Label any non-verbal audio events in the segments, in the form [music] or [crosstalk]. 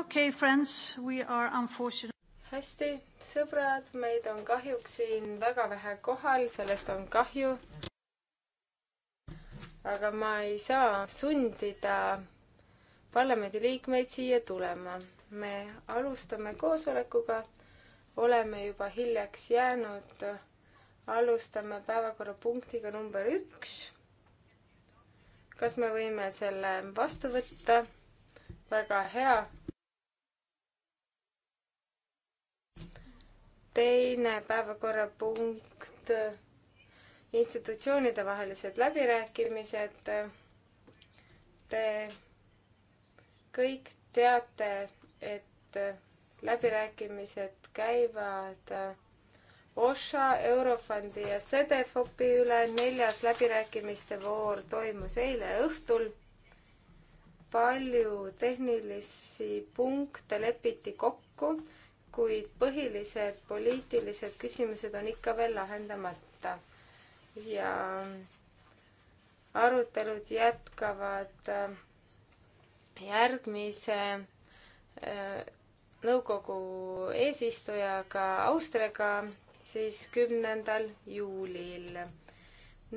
okei okay,, friends, we are unfortunate. hästi, sõbrad, meid on kahjuks siin väga vähe kohal, sellest on kahju. aga ma ei saa sundida parlamendiliikmeid siia tulema. me alustame koosolekuga, oleme juba hiljaks jäänud. alustame päevakorrapunktiga number üks. kas me võime selle vastu võtta? väga hea teine päevakorrapunkt, institutsioonide vahelised läbirääkimised. Te kõik teate, et läbirääkimised käivad OSHA, Eurofondi ja Sedefopi üle. neljas läbirääkimiste voor toimus eile õhtul palju tehnilisi punkte lepiti kokku kuid põhilised poliitilised küsimused on ikka veel lahendamata. ja arutelud jätkavad äh, järgmise äh, nõukogu eesistujaga Austriaga siis kümnendal juulil.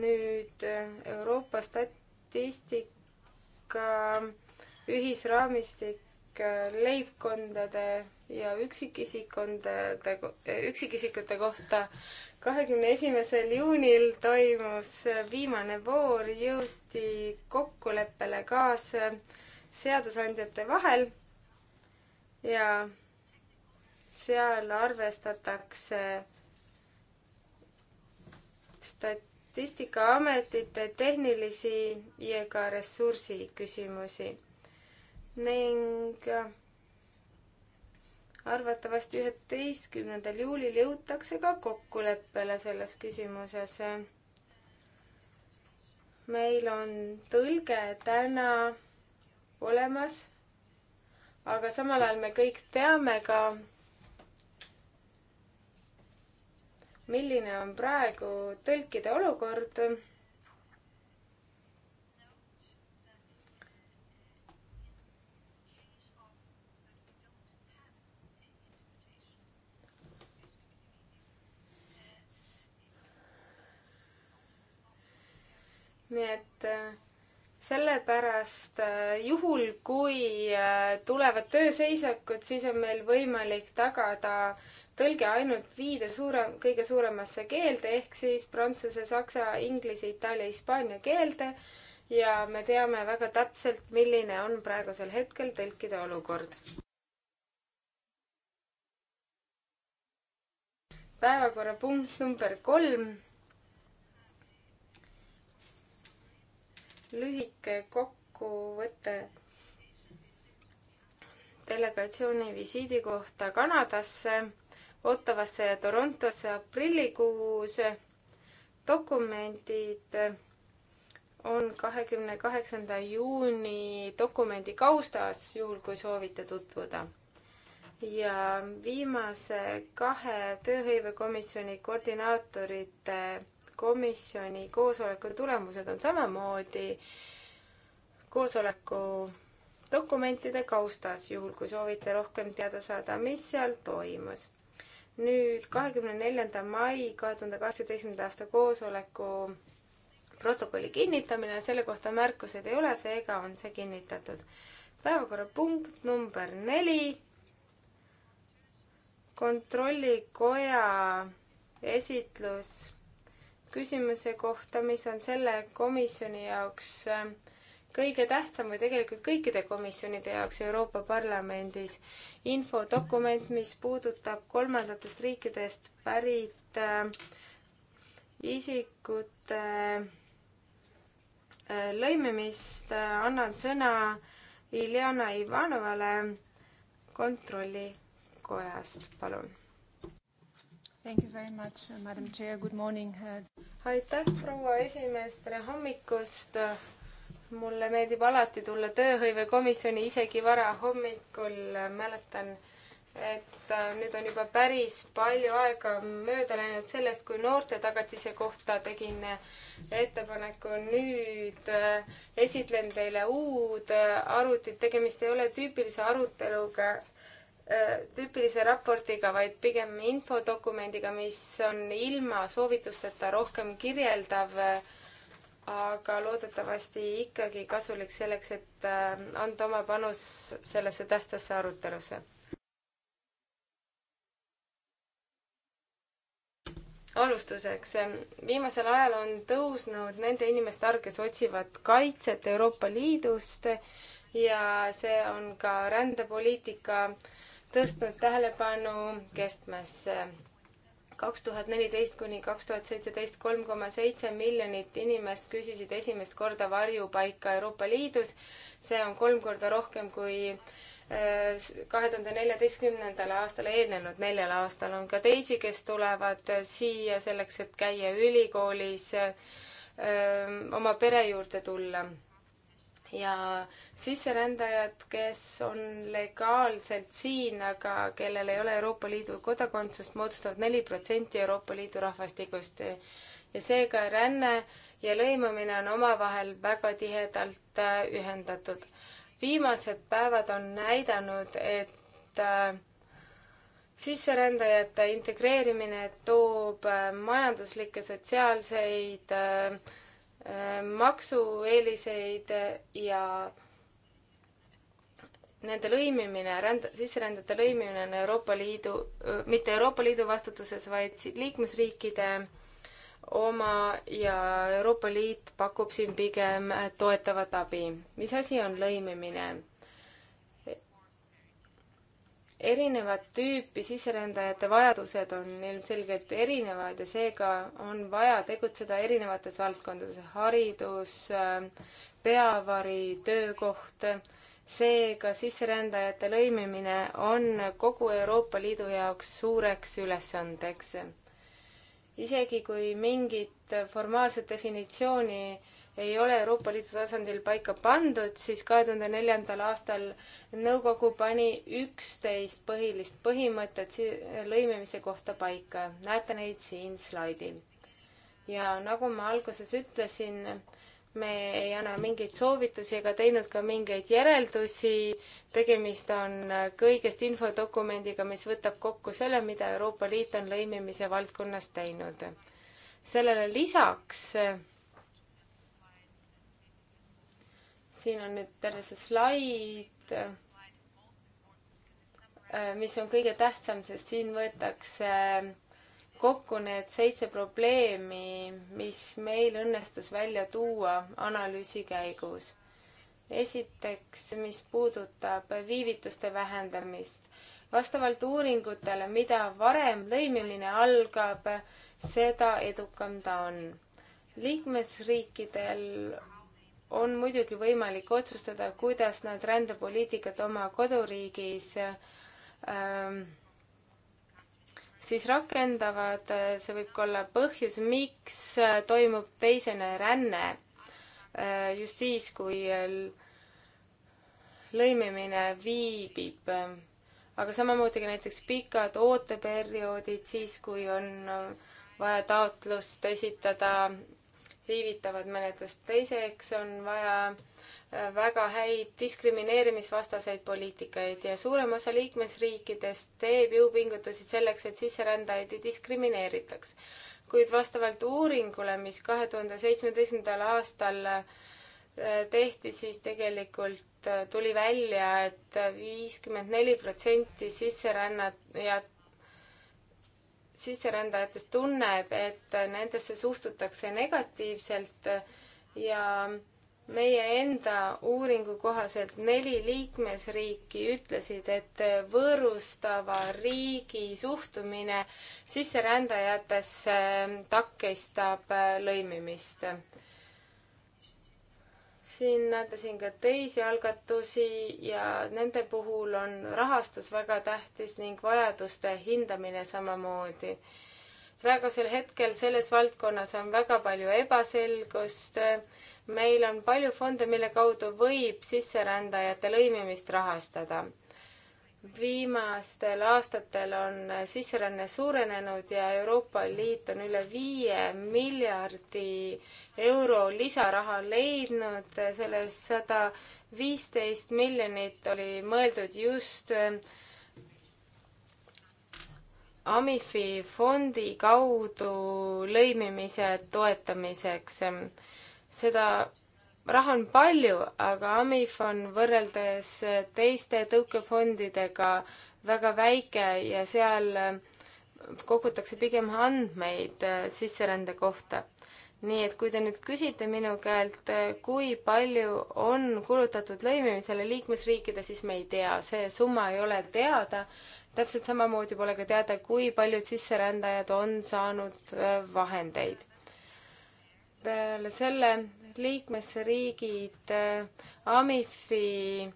nüüd äh, Euroopa statistika ühisraamistik leibkondade ja üksikisikute, üksikisikute kohta. kahekümne esimesel juunil toimus viimane voor, jõuti kokkuleppele kaasseadusandjate vahel ja seal arvestatakse statistikaametite tehnilisi ja ka ressursi küsimusi ning arvatavasti üheteistkümnendal juulil jõutakse ka kokkuleppele selles küsimuses. meil on tõlge täna olemas, aga samal ajal me kõik teame ka, milline on praegu tõlkide olukord nii et äh, sellepärast äh, juhul, kui äh, tulevad tööseisakud, siis on meil võimalik tagada tõlge ainult viide suure, kõige suuremasse keelde ehk siis prantsuse, saksa, inglise, itaalia, hispaania keelde. ja me teame väga täpselt, milline on praegusel hetkel tõlkide olukord. päevakorrapunkt number kolm lühike kokkuvõte delegatsiooni visiidi kohta Kanadasse, Ottawasse ja Torontosse aprillikuus. dokumendid on kahekümne kaheksanda juuni dokumendi kaustas, juhul kui soovite tutvuda. ja viimase kahe tööhõivekomisjoni koordinaatorite komisjoni koosoleku tulemused on samamoodi koosoleku dokumentide kaustas, juhul kui soovite rohkem teada saada, mis seal toimus. nüüd kahekümne neljanda mai kahe tuhande kaheksateistkümnenda aasta koosoleku protokolli kinnitamine, selle kohta märkuseid ei ole, seega on see kinnitatud. päevakorrapunkt number neli. kontrollikoja esitlus küsimuse kohta, mis on selle komisjoni jaoks ähm, kõige tähtsam või tegelikult kõikide komisjonide jaoks Euroopa Parlamendis infodokument, mis puudutab kolmandatest riikidest pärit ähm, isikute äh, lõimimist. Äh, annan sõna Iljana Ivanovale kontrollikojast, palun Thank you very much, uh, madam chair, good morning. Uh, aitäh, proua esimees, tere hommikust. mulle meeldib alati tulla tööhõivekomisjoni isegi varahommikul, mäletan, et äh, nüüd on juba päris palju aega mööda läinud sellest, kui noorte tagatise kohta tegin äh, ettepaneku. nüüd äh, esitlen teile uut arvutit, tegemist ei ole tüüpilise aruteluga Äh, tüüpilise raportiga, vaid pigem infodokumendiga, mis on ilma soovitusteta rohkem kirjeldav, aga loodetavasti ikkagi kasulik selleks, et äh, anda oma panus sellesse tähtsasse arutelusse. alustuseks, äh, viimasel ajal on tõusnud nende inimeste arv, kes otsivad kaitset Euroopa Liidust ja see on ka rändepoliitika äh, tõstnud tähelepanu kestmesse. kaks tuhat neliteist kuni kaks tuhat seitseteist kolm koma seitse miljonit inimest küsisid esimest korda varjupaika Euroopa Liidus. see on kolm korda rohkem kui äh, kahe tuhande neljateistkümnendale aastale eelnenud neljal aastal on ka teisi, kes tulevad siia selleks, et käia ülikoolis, äh, oma pere juurde tulla ja sisserändajad, kes on legaalselt siin, aga kellel ei ole Euroopa Liidu kodakondsust, moodustavad neli protsenti Euroopa Liidu rahvastikust. ja seega ränne ja lõimumine on omavahel väga tihedalt äh, ühendatud. viimased päevad on näidanud, et äh, sisserändajate integreerimine toob äh, majanduslikke, sotsiaalseid äh, maksueeliseid ja nende lõimimine, ränd-, sisserändajate lõimimine on Euroopa Liidu, mitte Euroopa Liidu vastutuses, vaid liikmesriikide oma ja Euroopa Liit pakub siin pigem toetavat abi. mis asi on lõimimine? erinevat tüüpi sisserändajate vajadused on ilmselgelt erinevad ja seega on vaja tegutseda erinevates valdkondades, haridus, peavari, töökoht. seega sisserändajate lõimimine on kogu Euroopa Liidu jaoks suureks ülesandeks. isegi kui mingit formaalset definitsiooni ei ole Euroopa Liidu tasandil paika pandud, siis kahe tuhande neljandal aastal nõukogu pani üksteist põhilist põhimõtet lõimimise kohta paika. näete neid siin slaidil. ja nagu ma alguses ütlesin, me ei anna mingeid soovitusi ega teinud ka mingeid järeldusi. tegemist on kõigest infodokumendiga, mis võtab kokku selle, mida Euroopa Liit on lõimimise valdkonnas teinud. sellele lisaks siin on nüüd terve see slaid, äh, mis on kõige tähtsam, sest siin võetakse kokku need seitse probleemi, mis meil õnnestus välja tuua analüüsi käigus. esiteks, mis puudutab viivituste vähendamist. vastavalt uuringutele, mida varem lõimimine algab, seda edukam ta on. liikmesriikidel on muidugi võimalik otsustada, kuidas nad rändepoliitikat oma koduriigis ähm, siis rakendavad, see võib ka olla põhjus, miks toimub teisene ränne äh, just siis, kui lõimimine viibib. aga samamoodi ka näiteks pikad ooteperioodid, siis kui on vaja taotlust esitada viivitavad menetlust. teiseks on vaja äh, väga häid diskrimineerimisvastaseid poliitikaid ja suurem osa liikmesriikidest teeb jõupingutusi selleks, et sisserändajaid ei diskrimineeritaks. kuid vastavalt uuringule, mis kahe tuhande seitsmeteistkümnendal aastal äh, tehti, siis tegelikult äh, tuli välja et, et viiskümmend neli protsenti sisserännajat sisserändajatest tunneb, et nendesse suhtutakse negatiivselt ja meie enda uuringu kohaselt neli liikmesriiki ütlesid, et võõrustava riigi suhtumine sisserändajatesse takistab lõimimist siin näitasin ka teisi algatusi ja nende puhul on rahastus väga tähtis ning vajaduste hindamine samamoodi. praegusel hetkel selles valdkonnas on väga palju ebaselgust. meil on palju fonde, mille kaudu võib sisserändajate lõimimist rahastada viimastel aastatel on sisseränne suurenenud ja Euroopa Liit on üle viie miljardi euro lisaraha leidnud, sellest sada viisteist miljonit oli mõeldud just äh, Amifi fondi kaudu lõimimise toetamiseks. seda raha on palju, aga AMIF on võrreldes teiste tõukefondidega väga väike ja seal äh, kogutakse pigem andmeid äh, sisserände kohta. nii et kui te nüüd küsite minu käelt, äh, kui palju on kulutatud lõimimisele liikmesriikide, siis me ei tea, see summa ei ole teada. täpselt samamoodi pole ka teada, kui paljud sisserändajad on saanud vahendeid. peale selle liikmesriigid äh, AMIF-i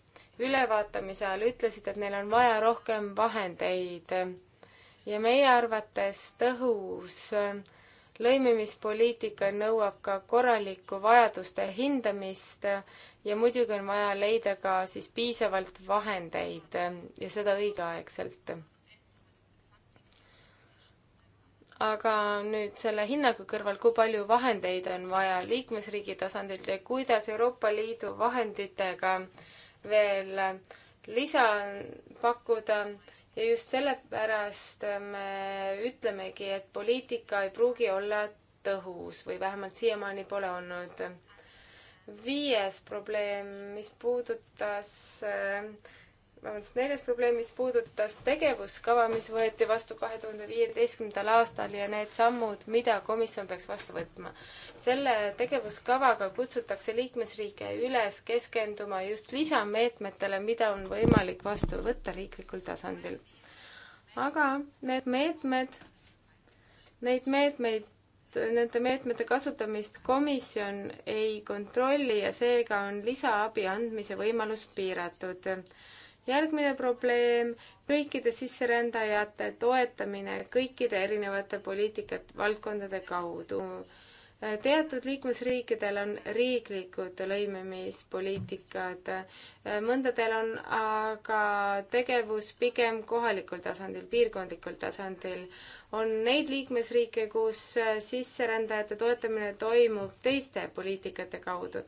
ülevaatamise ajal ütlesid, et neil on vaja rohkem vahendeid ja meie arvates tõhus äh, lõimimispoliitika nõuab ka korralikku vajaduste hindamist ja muidugi on vaja leida ka siis piisavalt vahendeid äh, ja seda õigeaegselt. aga nüüd selle hinnaga kõrval, kui palju vahendeid on vaja liikmesriigi tasandilt ja kuidas Euroopa Liidu vahenditega veel lisa pakkuda ja just sellepärast me ütlemegi, et poliitika ei pruugi olla tõhus või vähemalt siiamaani pole olnud. viies probleem, mis puudutas äh, vabandust, neljas probleem, mis puudutas tegevuskava, mis võeti vastu kahe tuhande viieteistkümnendal aastal ja need sammud, mida komisjon peaks vastu võtma. selle tegevuskavaga kutsutakse liikmesriike üles keskenduma just lisameetmetele, mida on võimalik vastu võtta riiklikul tasandil. aga need meetmed, neid meetmeid, nende meetmete kasutamist komisjon ei kontrolli ja seega on lisaabi andmise võimalus piiratud järgmine probleem, kõikide sisserändajate toetamine kõikide erinevate poliitikat valdkondade kaudu. teatud liikmesriikidel on riiklikud lõimimispoliitikad, mõndadel on aga tegevus pigem kohalikul tasandil, piirkondlikul tasandil. on neid liikmesriike, kus sisserändajate toetamine toimub teiste poliitikate kaudu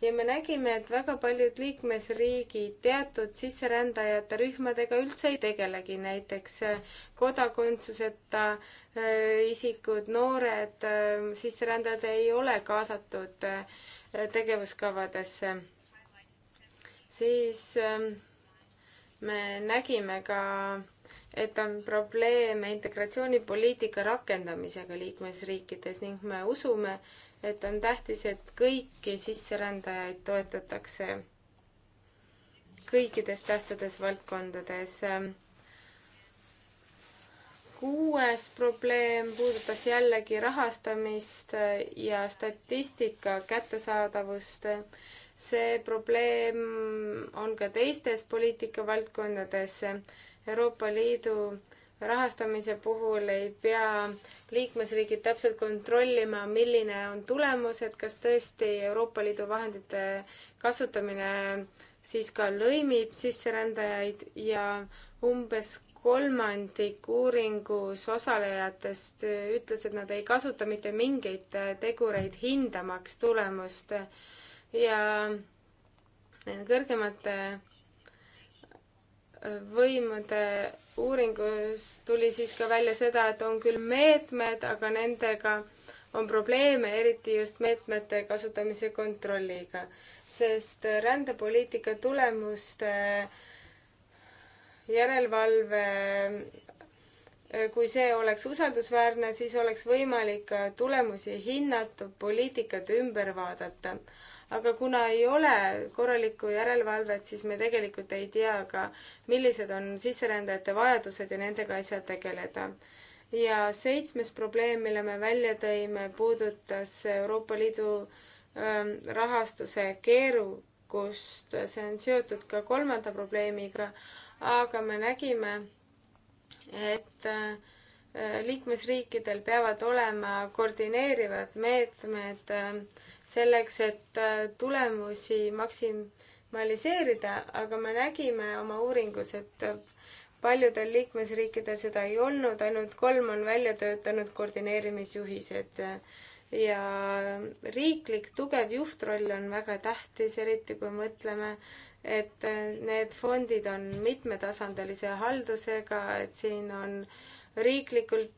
ja me nägime, et väga paljud liikmesriigid teatud sisserändajate rühmadega üldse ei tegelegi, näiteks äh, kodakondsuseta äh, isikud, noored äh, sisserändajad ei ole kaasatud tegevuskavadesse. siis ähm, me nägime ka et on probleeme integratsioonipoliitika rakendamisega liikmesriikides ning me usume, et on tähtis, et kõiki sisserändajaid toetatakse kõikides tähtsates valdkondades. kuues probleem puudutas jällegi rahastamist ja statistika kättesaadavust. see probleem on ka teistes poliitikavaldkondades. Euroopa Liidu rahastamise puhul ei pea liikmesriigid täpselt kontrollima, milline on tulemus, et kas tõesti Euroopa Liidu vahendite kasutamine siis ka lõimib sisserändajaid ja umbes kolmandik uuringus osalejatest ütles, et nad ei kasuta mitte mingeid tegureid hindamaks tulemust ja kõrgemate võimude uuringus tuli siis ka välja seda, et on küll meetmed, aga nendega on probleeme, eriti just meetmete kasutamise kontrolliga, sest rändepoliitika tulemuste järelevalve, kui see oleks usaldusväärne, siis oleks võimalik ka tulemusi hinnata, poliitikat ümber vaadata aga kuna ei ole korralikku järelevalvet, siis me tegelikult ei tea ka, millised on sisserändajate vajadused ja nendega ei saa tegeleda. ja seitsmes probleem, mille me välja tõime, puudutas Euroopa Liidu ähm, rahastuse keerukust, see on seotud ka kolmanda probleemiga, aga me nägime, et äh, liikmesriikidel peavad olema koordineerivad meetmed meet, ähm, selleks, et äh, tulemusi maksimaliseerida, aga me nägime oma uuringus, et äh, paljudel liikmesriikidel seda ei olnud, ainult kolm on välja töötanud koordineerimisjuhised. ja riiklik tugev juhtroll on väga tähtis, eriti kui mõtleme, et äh, need fondid on mitmetasandilise haldusega, et siin on riiklikult,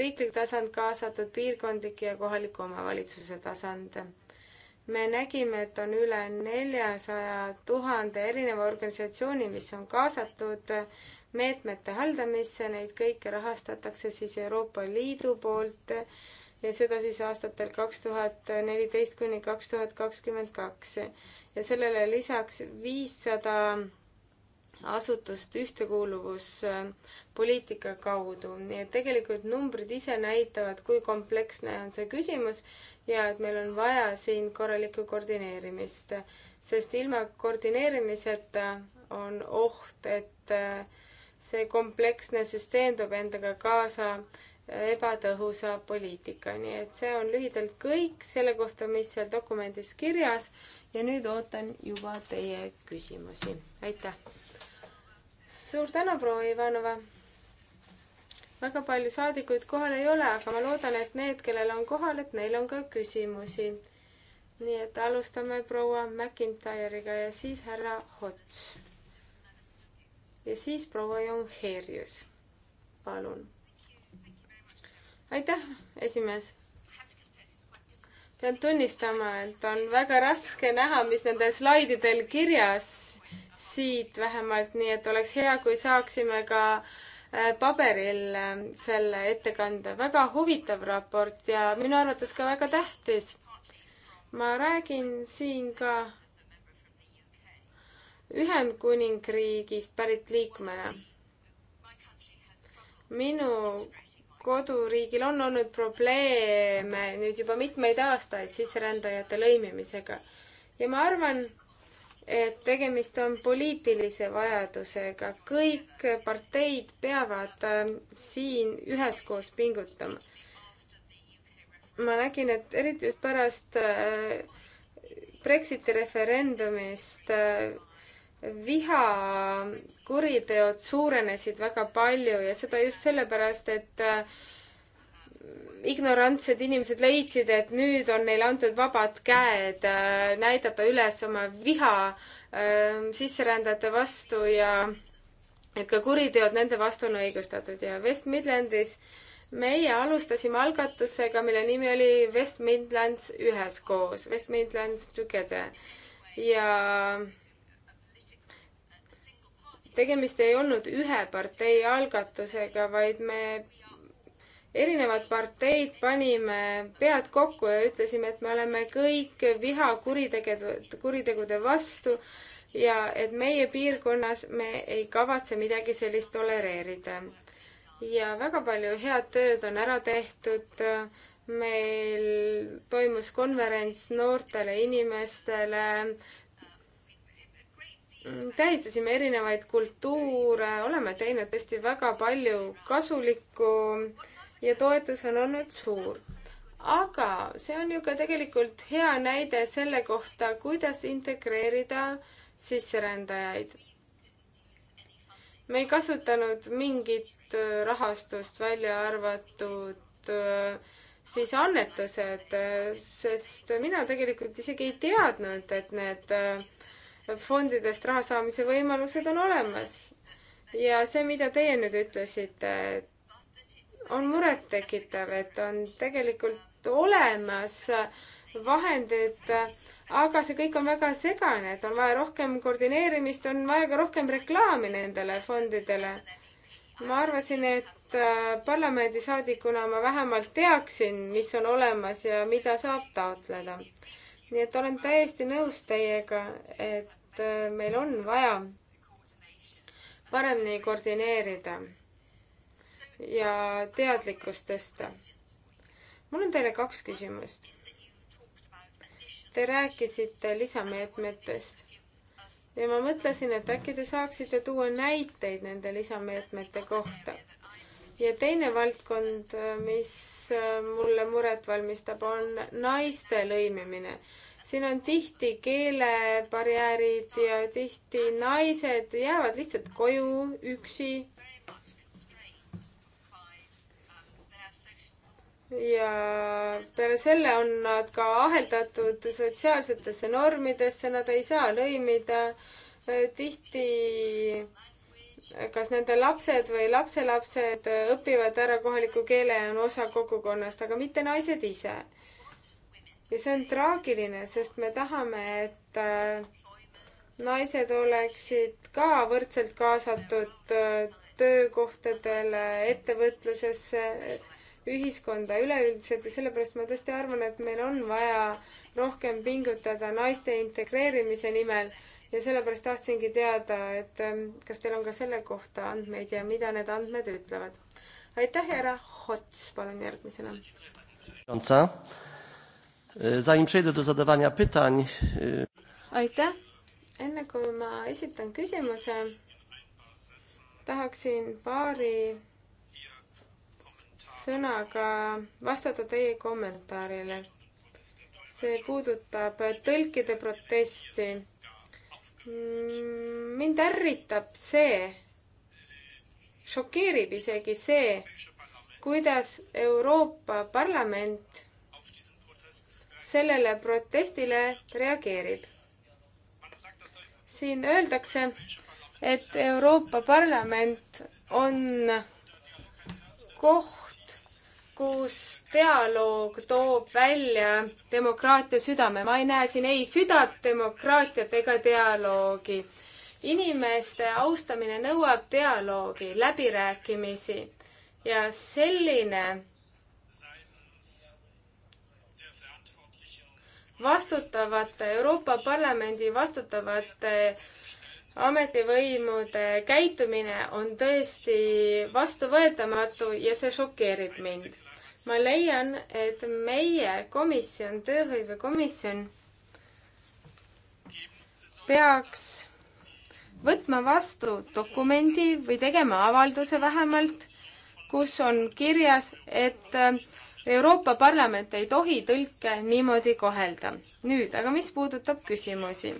riiklik tasand kaasatud, piirkondlik ja kohaliku omavalitsuse tasand me nägime, et on üle neljasaja tuhande erineva organisatsiooni, mis on kaasatud meetmete haldamisse, neid kõiki rahastatakse siis Euroopa Liidu poolt ja seda siis aastatel kaks tuhat neliteist kuni kaks tuhat kakskümmend kaks. ja sellele lisaks viissada 500 asutust ühtekuuluvuspoliitika kaudu. nii et tegelikult numbrid ise näitavad, kui kompleksne on see küsimus ja et meil on vaja siin korralikku koordineerimist, sest ilma koordineerimiseta on oht, et äh, see kompleksne süsteem toob endaga kaasa ebatõhusa poliitika, nii et see on lühidalt kõik selle kohta, mis seal dokumendis kirjas ja nüüd ootan juba teie küsimusi. aitäh! suur tänu, proua Ivanova. väga palju saadikuid kohal ei ole, aga ma loodan, et need, kellel on kohal, et neil on ka küsimusi. nii et alustame proua McIntyre'iga ja siis härra Hots. ja siis proua Jongerius. palun. aitäh, esimees pean tunnistama, et on väga raske näha, mis nendel slaididel kirjas siit vähemalt, nii et oleks hea, kui saaksime ka äh, paberil äh, selle ettekande. väga huvitav raport ja minu arvates ka väga tähtis. ma räägin siin ka Ühendkuningriigist pärit liikmena. minu koduriigil on olnud probleeme nüüd juba mitmeid aastaid sisserändajate lõimimisega ja ma arvan, et tegemist on poliitilise vajadusega, kõik parteid peavad ähm, siin üheskoos pingutama. ma nägin, et eriti just pärast äh, Brexiti referendumist äh, vihakuriteod suurenesid väga palju ja seda just sellepärast, et äh, ignorantsed inimesed leidsid, et nüüd on neile antud vabad käed äh, näidata üles oma viha ähm, sisserändajate vastu ja et ka kuriteod nende vastu on õigustatud ja West Midlandis meie alustasime algatusega, mille nimi oli West Midlands üheskoos, West Midlands together ja tegemist ei olnud ühe partei algatusega, vaid me erinevad parteid panime pead kokku ja ütlesime, et me oleme kõik viha kuritegevuse, kuritegude vastu ja et meie piirkonnas me ei kavatse midagi sellist tolereerida. ja väga palju head tööd on ära tehtud. meil toimus konverents noortele inimestele. tähistasime erinevaid kultuure, oleme teinud tõesti väga palju kasulikku ja toetus on olnud suur. aga see on ju ka tegelikult hea näide selle kohta, kuidas integreerida sisserändajaid. me ei kasutanud mingit äh, rahastust, välja arvatud äh, siis annetused, äh, sest mina tegelikult isegi ei teadnud, et need fondidest raha saamise võimalused on olemas. ja see, mida teie nüüd ütlesite, et on murettekitav, et on tegelikult olemas vahendid, aga see kõik on väga segane, et on vaja rohkem koordineerimist, on vaja ka rohkem reklaami nendele fondidele. ma arvasin, et äh, parlamendisaadikuna ma vähemalt teaksin, mis on olemas ja mida saab taotleda. nii et olen täiesti nõus teiega, et äh, meil on vaja paremini koordineerida ja teadlikkust tõsta. mul on teile kaks küsimust. Te rääkisite lisameetmetest ja ma mõtlesin, et äkki te saaksite tuua näiteid nende lisameetmete kohta. ja teine valdkond, mis mulle muret valmistab, on naiste lõimimine. siin on tihti keelebarjäärid ja tihti naised jäävad lihtsalt koju üksi ja peale selle on nad ka aheldatud sotsiaalsetesse normidesse, nad ei saa lõimida tihti kas nende lapsed või lapselapsed õpivad ära kohaliku keele ja on osa kogukonnast, aga mitte naised ise. ja see on traagiline, sest me tahame, et äh, naised oleksid ka võrdselt kaasatud äh, töökohtadele, ettevõtlusesse ühiskonda üleüldiselt ja sellepärast ma tõesti arvan, et meil on vaja rohkem pingutada naiste integreerimise nimel ja sellepärast tahtsingi teada, et ähm, kas teil on ka selle kohta andmeid ja mida need andmed ütlevad. aitäh, härra Hots, palun järgmisena. E, e, aitäh, enne kui ma esitan küsimuse, tahaksin paari sõnaga vastata teie kommentaarile. see puudutab tõlkide protesti. mind ärritab see, šokeerib isegi see, kuidas Euroopa Parlament sellele protestile reageerib. siin öeldakse, et Euroopa Parlament on koht, kus dialoog toob välja demokraatia südame. ma ei näe siin ei südat, demokraatiat ega dialoogi. inimeste austamine nõuab dialoogi, läbirääkimisi ja selline vastutavate, Euroopa Parlamendi vastutavate ametivõimude käitumine on tõesti vastuvõetamatu ja see šokeerib mind ma leian, et meie komisjon, tööhõivekomisjon peaks võtma vastu dokumendi või tegema avalduse vähemalt, kus on kirjas, et äh, Euroopa Parlament ei tohi tõlke niimoodi kohelda. nüüd, aga mis puudutab küsimusi?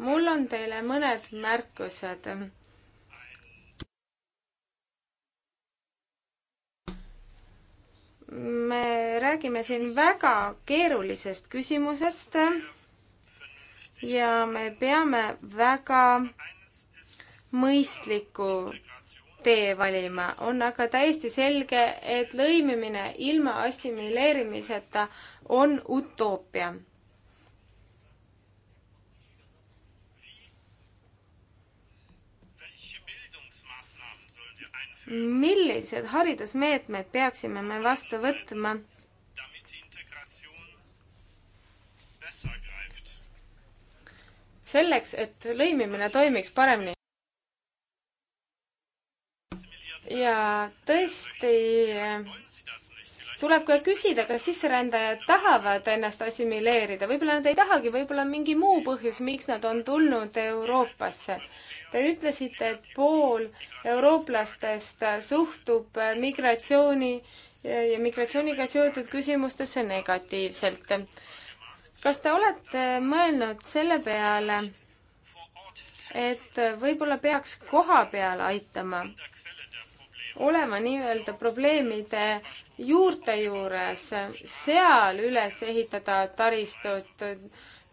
mul on teile mõned märkused me räägime siin väga keerulisest küsimusest ja me peame väga mõistliku tee valima. on aga täiesti selge, et lõimimine ilma assimileerimiseta on utoopia millised haridusmeetmed peaksime me vastu võtma, selleks, et lõimimine toimiks paremini. ja tõesti tuleb ka küsida, kas sisserändajad tahavad ennast assimileerida, võib-olla nad ei tahagi, võib-olla on mingi muu põhjus, miks nad on tulnud Euroopasse. Te ütlesite, et pool eurooplastest suhtub migratsiooni ja migratsiooniga seotud küsimustesse negatiivselt. kas te olete mõelnud selle peale, et võib-olla peaks koha peal aitama olema nii-öelda probleemide juurte juures, seal üles ehitada taristut,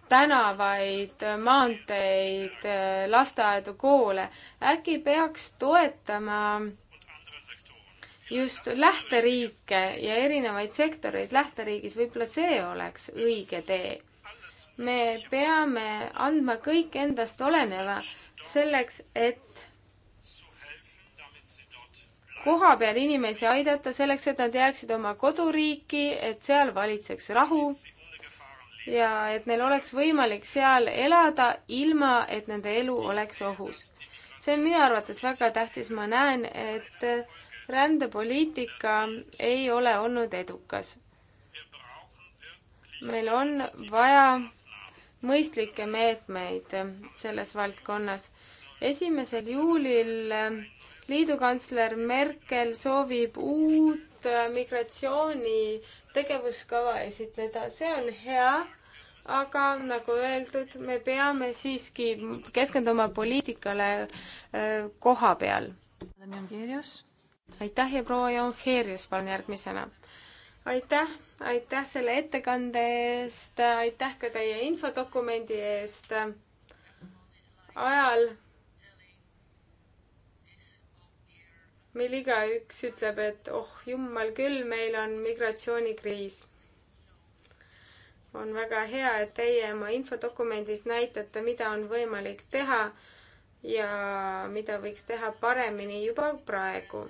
tänavaid, maanteid, lasteaedu, koole. äkki peaks toetama just lähteriike ja erinevaid sektoreid lähteriigis, võib-olla see oleks õige tee. me peame andma kõik endast oleneva selleks, et kohapeal inimesi aidata selleks, et nad jääksid oma koduriiki, et seal valitseks rahu ja et neil oleks võimalik seal elada, ilma et nende elu oleks ohus. see on minu arvates väga tähtis, ma näen, et rändepoliitika ei ole olnud edukas. meil on vaja mõistlikke meetmeid selles valdkonnas. esimesel juulil liidukantsler Merkel soovib uut äh, migratsiooni tegevuskava esitleda, see on hea, aga nagu öeldud, me peame siiski keskenduma poliitikale äh, koha peal. aitäh ja proua Jongeerius, palun järgmisena. aitäh, aitäh selle ettekande eest, aitäh ka teie infodokumendi eest ajal mil igaüks ütleb, et oh jummal küll, meil on migratsioonikriis. on väga hea, et teie oma infodokumendis näitate, mida on võimalik teha ja mida võiks teha paremini juba praegu.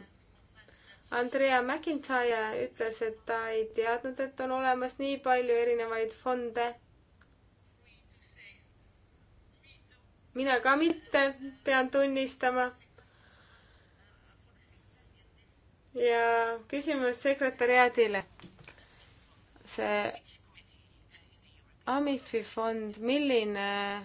Andrea McIntyre ütles, et ta ei teadnud, et on olemas nii palju erinevaid fonde. mina ka mitte, pean tunnistama ja küsimus sekretäriaadile. see Amifi fond, milline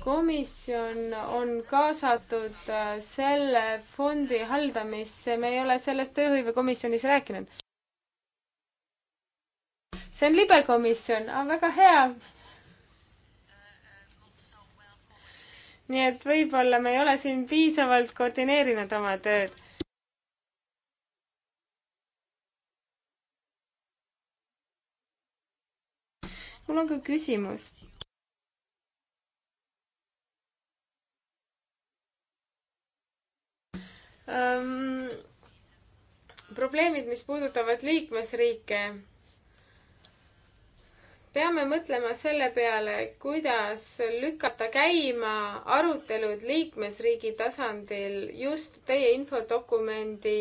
komisjon on kaasatud äh, selle fondi haldamisse, me ei ole sellest tööhõivekomisjonis rääkinud. see on libe komisjon ah,, väga hea. nii et võib-olla me ei ole siin piisavalt koordineerinud oma tööd mul on ka küsimus. Ähm, probleemid, mis puudutavad liikmesriike. peame mõtlema selle peale, kuidas lükata käima arutelud liikmesriigi tasandil just teie infodokumendi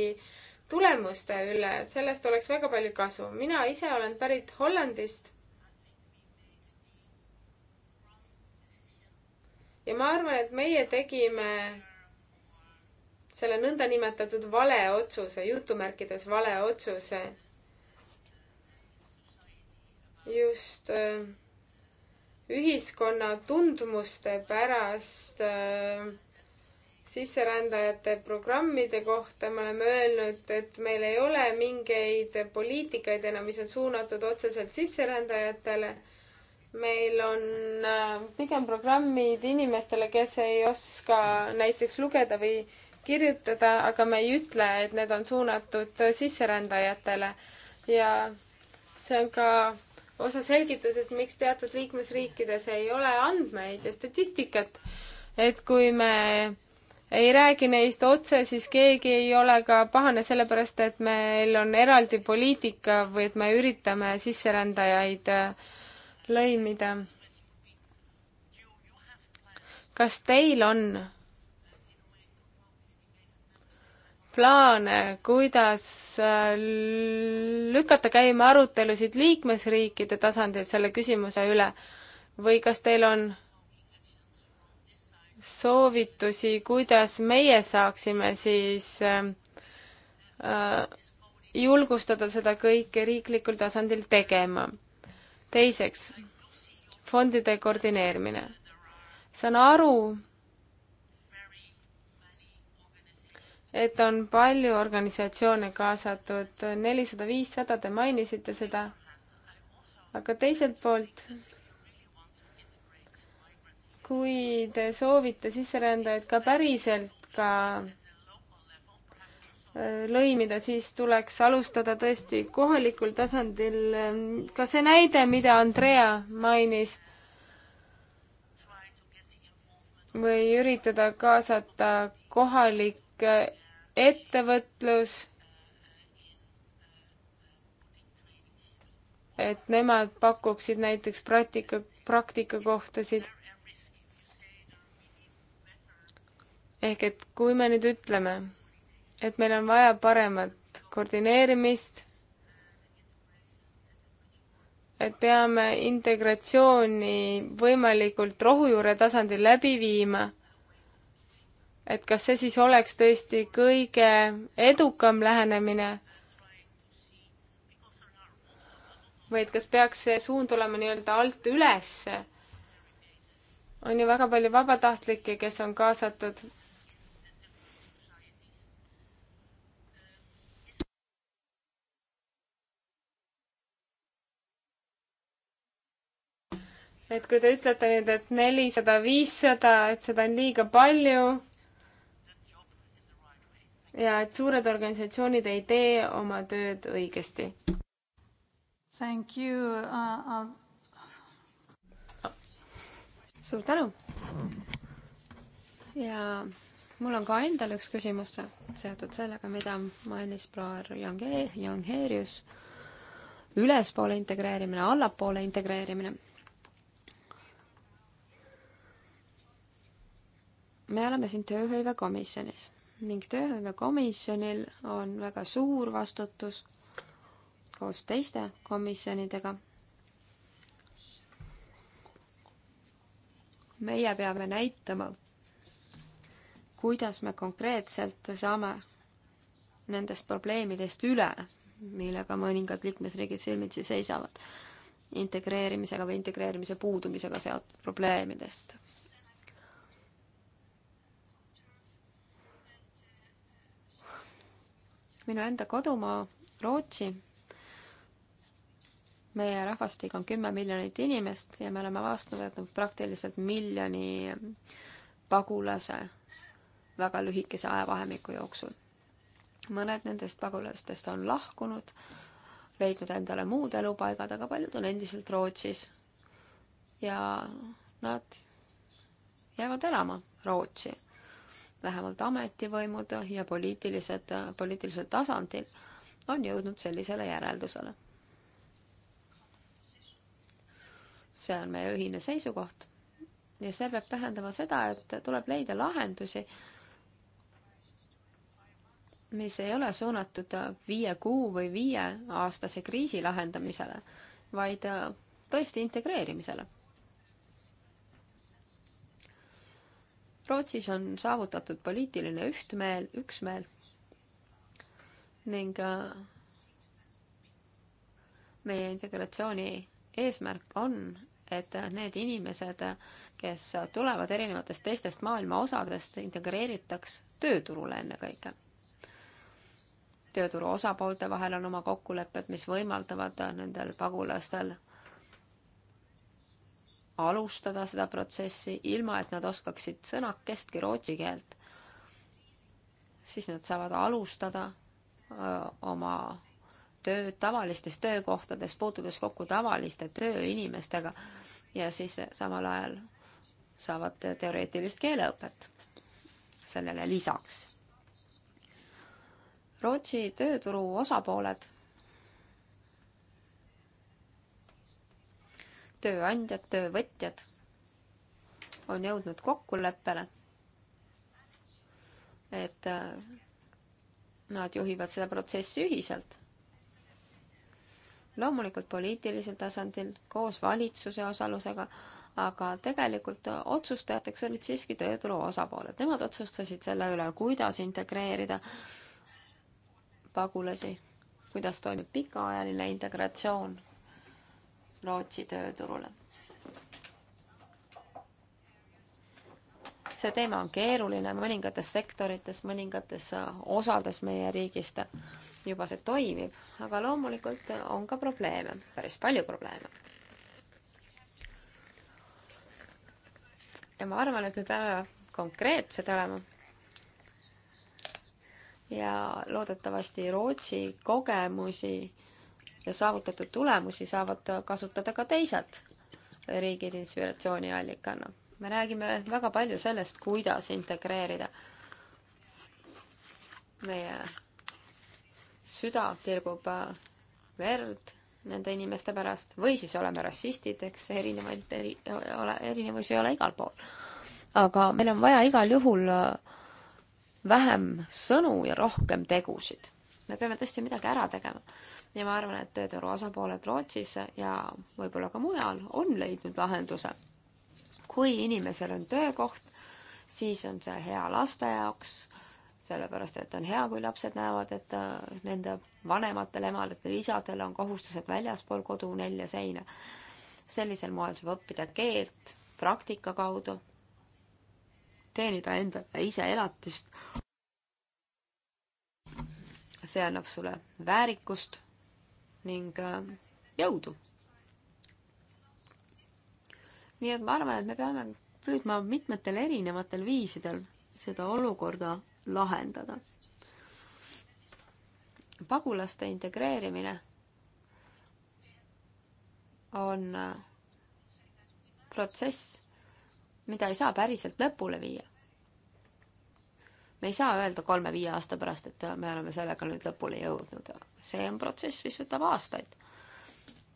tulemuste üle, sellest oleks väga palju kasu. mina ise olen pärit Hollandist ja ma arvan, et meie tegime selle nõndanimetatud vale otsuse, jutumärkides vale otsuse. just äh, ühiskonna tundmuste pärast äh, sisserändajate programmide kohta me oleme öelnud, et meil ei ole mingeid poliitikaid enam, mis on suunatud otseselt sisserändajatele meil on äh, pigem programmid inimestele, kes ei oska näiteks lugeda või kirjutada, aga me ei ütle, et need on suunatud sisserändajatele. ja see on ka osa selgitusest, miks teatud liikmesriikides ei ole andmeid ja statistikat. et kui me ei räägi neist otse, siis keegi ei ole ka pahane, sellepärast et meil on eraldi poliitika või et me üritame sisserändajaid äh, lõimida. kas teil on plaane, kuidas äh, lükata käima arutelusid liikmesriikide tasandil selle küsimuse üle või kas teil on soovitusi, kuidas meie saaksime siis äh, äh, julgustada seda kõike riiklikul tasandil tegema? teiseks, fondide koordineerimine. saan aru, et on palju organisatsioone kaasatud, nelisada, viissada, te mainisite seda, aga teiselt poolt, kui te soovite sisserändajaid ka päriselt ka lõimida, siis tuleks alustada tõesti kohalikul tasandil. ka see näide, mida Andrea mainis, või üritada kaasata kohalik ettevõtlus, et nemad pakuksid näiteks praktika, praktikakohtasid. ehk et kui me nüüd ütleme, et meil on vaja paremat koordineerimist, et peame integratsiooni võimalikult rohujuure tasandil läbi viima. et kas see siis oleks tõesti kõige edukam lähenemine või et kas peaks see suund olema nii-öelda alt ülesse? on ju väga palju vabatahtlikke, kes on kaasatud et kui te ütlete nüüd, et nelisada, viissada, et seda on liiga palju ja et suured organisatsioonid ei tee oma tööd õigesti. Thank you uh,. Uh... suur tänu. ja mul on ka endal üks küsimus seotud sellega, mida mainis proua Young-, Young-Herius. ülespoole integreerimine, allapoole integreerimine me oleme siin tööhõivekomisjonis ning tööhõivekomisjonil on väga suur vastutus koos teiste komisjonidega. meie peame näitama, kuidas me konkreetselt saame nendest probleemidest üle, millega mõningad liikmesriigid silmitsi seisavad, integreerimisega või integreerimise puudumisega seotud probleemidest minu enda kodumaa Rootsi, meie rahvastik on kümme miljonit inimest ja me oleme vastu võtnud praktiliselt miljoni pagulase väga lühikese ajavahemiku jooksul. mõned nendest pagulastest on lahkunud, leidnud endale muud elupaigad, aga paljud on endiselt Rootsis. ja nad jäävad elama Rootsi vähemalt ametivõimud ja poliitilised, poliitilisel tasandil on jõudnud sellisele järeldusele. see on meie ühine seisukoht ja see peab tähendama seda, et tuleb leida lahendusi, mis ei ole suunatud viie kuu või viieaastase kriisi lahendamisele, vaid tõesti integreerimisele Rootsis on saavutatud poliitiline ühtmeel, üksmeel ning äh, meie integratsiooni eesmärk on, et need inimesed, kes tulevad erinevatest teistest maailma osadest, integreeritaks tööturule ennekõike. tööturu osapoolte vahel on oma kokkulepped, mis võimaldavad nendel pagulastel alustada seda protsessi, ilma et nad oskaksid sõnakestki rootsi keelt, siis nad saavad alustada öö, oma tööd tavalistes töökohtades, puutudes kokku tavaliste tööinimestega ja siis samal ajal saavad teoreetilist keeleõpet sellele lisaks. Rootsi tööturu osapooled tööandjad, töövõtjad on jõudnud kokkuleppele, et äh, nad juhivad seda protsessi ühiselt. loomulikult poliitilisel tasandil koos valitsuse osalusega, aga tegelikult otsustajateks olid siiski tööturu osapooled, nemad otsustasid selle üle, kuidas integreerida pagulasi, kuidas toimib pikaajaline integratsioon Rootsi tööturule. see teema on keeruline mõningates sektorites, mõningates äh, osades meie riigist juba see toimib, aga loomulikult on ka probleeme, päris palju probleeme. ja ma arvan, et me peame konkreetsed olema ja loodetavasti Rootsi kogemusi ja saavutatud tulemusi saavad kasutada ka teised riigid inspiratsiooniallikana. me räägime väga palju sellest, kuidas integreerida. meie süda tirgub äh, verd nende inimeste pärast või siis oleme rassistid, eks erinevaid eri, ole, erinevusi ei ole igal pool. aga meil on vaja igal juhul äh, vähem sõnu ja rohkem tegusid. me peame tõesti midagi ära tegema ja ma arvan, et tööturu osapooled Rootsis ja võib-olla ka mujal on leidnud lahenduse. kui inimesel on töökoht, siis on see hea laste jaoks, sellepärast et on hea, kui lapsed näevad, et äh, nende vanematel emadatel, isadel on kohustused väljaspool kodu nelja seina. sellisel moel saab õppida keelt praktika kaudu, teenida enda, ise elatist see annab sulle väärikust ning äh, jõudu! nii et ma arvan, et me peame püüdma mitmetel erinevatel viisidel seda olukorda lahendada. pagulaste integreerimine on äh, protsess, mida ei saa päriselt lõpule viia me ei saa öelda kolme-viie aasta pärast, et äh, me oleme sellega nüüd lõpule jõudnud. see on protsess, mis võtab aastaid.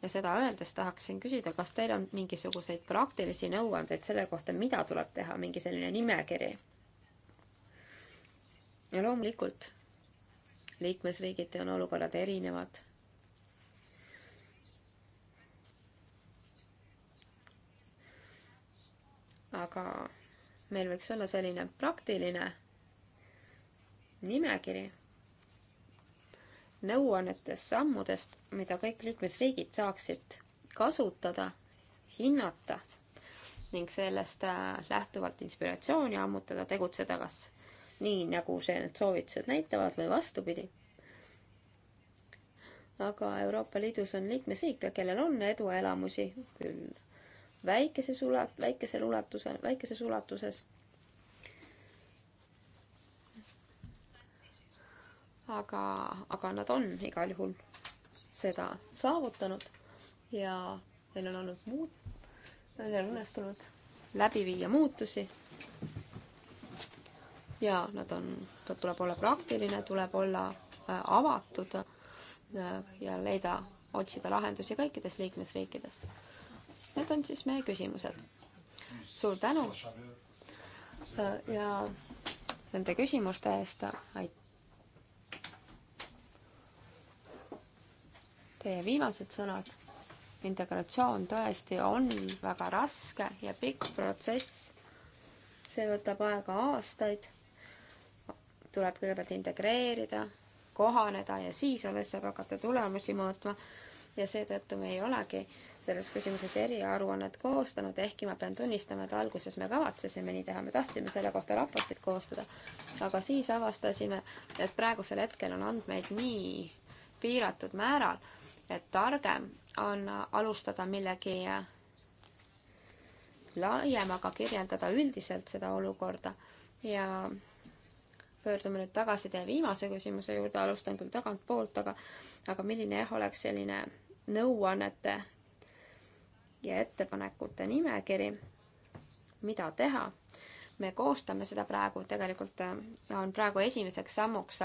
ja seda öeldes tahaksin küsida, kas teil on mingisuguseid praktilisi nõuandeid selle kohta, mida tuleb teha, mingi selline nimekiri? ja loomulikult liikmesriigiti on olukorrad erinevad aga meil võiks olla selline praktiline nimekiri nõuannetest, sammudest, mida kõik liikmesriigid saaksid kasutada, hinnata ning sellest äh, lähtuvalt inspiratsiooni ammutada, tegutseda kas nii, nagu see, need soovitused näitavad või vastupidi. aga Euroopa Liidus on liikmesriike, kellel on eduelamusi küll väikeses ulat-, väikesel ulatusel, väikeses ulatuses aga, aga nad on igal juhul seda saavutanud ja neil on olnud muud, neil on õnnestunud läbi viia muutusi. ja nad on, tuleb olla praktiline, tuleb olla äh, avatud äh, ja leida, otsida lahendusi kõikides liikmesriikides. Need on siis meie küsimused. suur tänu äh, ja nende küsimuste eest aitäh. teie viimased sõnad. integratsioon tõesti on väga raske ja pikk protsess. see võtab aega aastaid. tuleb kõigepealt integreerida, kohaneda ja siis alles saab hakata tulemusi mõõtma. ja seetõttu me ei olegi selles küsimuses eriaruannet koostanud, ehkki ma pean tunnistama, et alguses me kavatsesime nii teha, me tahtsime selle kohta raportit koostada, aga siis avastasime, et praegusel hetkel on andmeid nii piiratud määral, et targem on alustada millegi laiemaga, kirjeldada üldiselt seda olukorda ja pöördume nüüd tagasi teie viimase küsimuse juurde, alustan küll tagantpoolt, aga aga milline jah, oleks selline nõuannete ja ettepanekute nimekiri, mida teha. me koostame seda praegu, tegelikult on praegu esimeseks sammuks